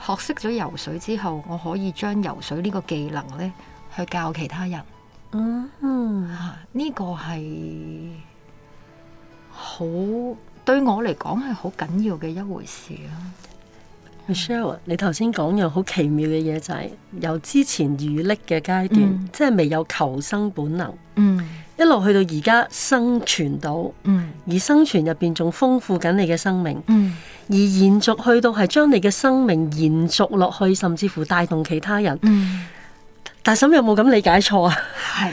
B: 學識咗游水之後，我可以將游水呢個技能呢，去教其他人。嗯嗯、mm，呢、hmm. 啊這個係好對我嚟講係好緊要嘅一回事咯。Mm hmm. Michelle，你頭
A: 先講嘅好奇妙嘅嘢、就是，就係由之前遇溺嘅階段，mm hmm. 即係未有求生本能。嗯、mm。Hmm. 一路去到而家生存到，嗯、而生存入邊仲豐富緊你嘅生命，嗯、而延續去到係將你嘅生命延續落去，甚至乎帶動其他人。嗯、大嬸有冇咁理解錯啊？係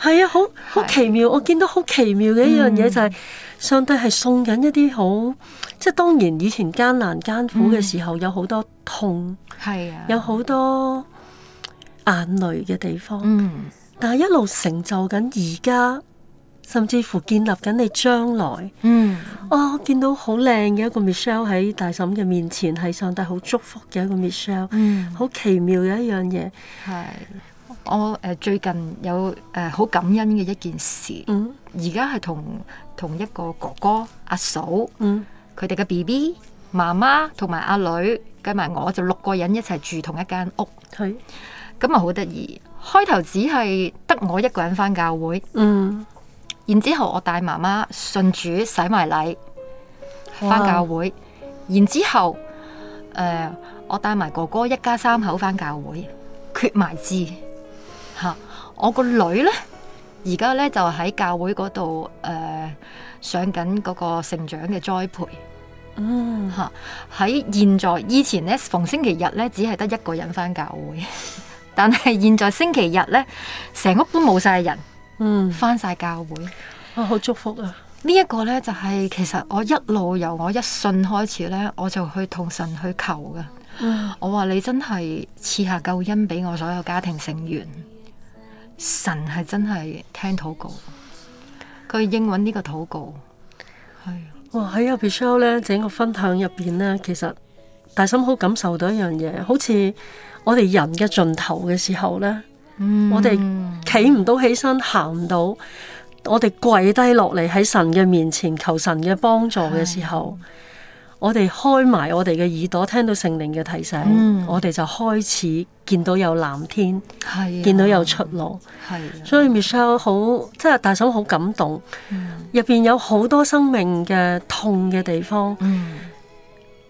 A: 係啊，好好 奇妙。是我見到好奇妙嘅一樣嘢、嗯、就係，上帝係送緊一啲好，即係當然以前艱難艱苦嘅時候有好多痛，係、嗯、啊，有好多眼淚嘅地方。嗯但係一路成就緊而家，甚至乎建立緊你將來。嗯，哇，我見到好靚嘅一個 Michelle 喺大嬸嘅面前，係上帝好祝福嘅一個 Michelle。嗯，好
B: 奇妙嘅一樣嘢。係我誒最近有誒好感恩嘅一件事。嗯，而家係同同一個哥哥、阿嫂，嗯，佢哋嘅 BB 媽媽同埋阿女，計埋我就六個人一齊住同一間屋。係，咁啊好得意。開頭只係得我一個人翻教會，嗯，然之後我帶媽媽順主洗埋禮翻教會，哇然之後誒、呃，我帶埋哥哥一家三口翻教會，缺埋資吓，我個女呢，而家呢，就喺教會嗰度誒上緊嗰個成長嘅栽培，嗯吓喺、啊、現在以前呢，逢星期日呢，只係得一個人翻教會。但係現在星期日呢，成屋都冇晒人，嗯，翻晒教會，啊，好祝福啊！呢一個呢，就係、是、其實我一路由我一信開始呢，我就去同神去求噶，嗯、我話你真係賜下救恩俾我所有家庭成員，神係真係聽禱告，佢英文呢個禱告係，哇喺阿 Michelle
A: 咧整個分享入邊呢，其實大心好感受到一樣嘢，好似。我哋人嘅盡頭嘅時候咧，嗯、我哋企唔到起身，行唔到，我哋跪低落嚟喺神嘅面前求神嘅幫助嘅時候，的我哋開埋我哋嘅耳朵，聽到聖靈嘅提醒，嗯、我哋就開始見到有藍天，係的見到有出路，係的。所以 Michelle 好，即係大嫂好感動，入邊、嗯、有好多生命嘅痛嘅地方。的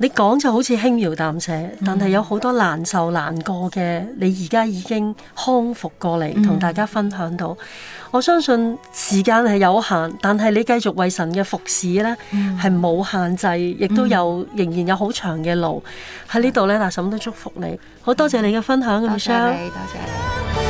A: 你講就好似輕描淡寫，但係有好多難受難過嘅，你而家已經康復過嚟，同大家分享到。我相信時間係有限，但係你繼續為神嘅服侍呢，係冇、嗯、限制，亦都有仍然有好長嘅路喺呢度呢，大嬸都祝福你，好多謝你嘅分享，多謝你。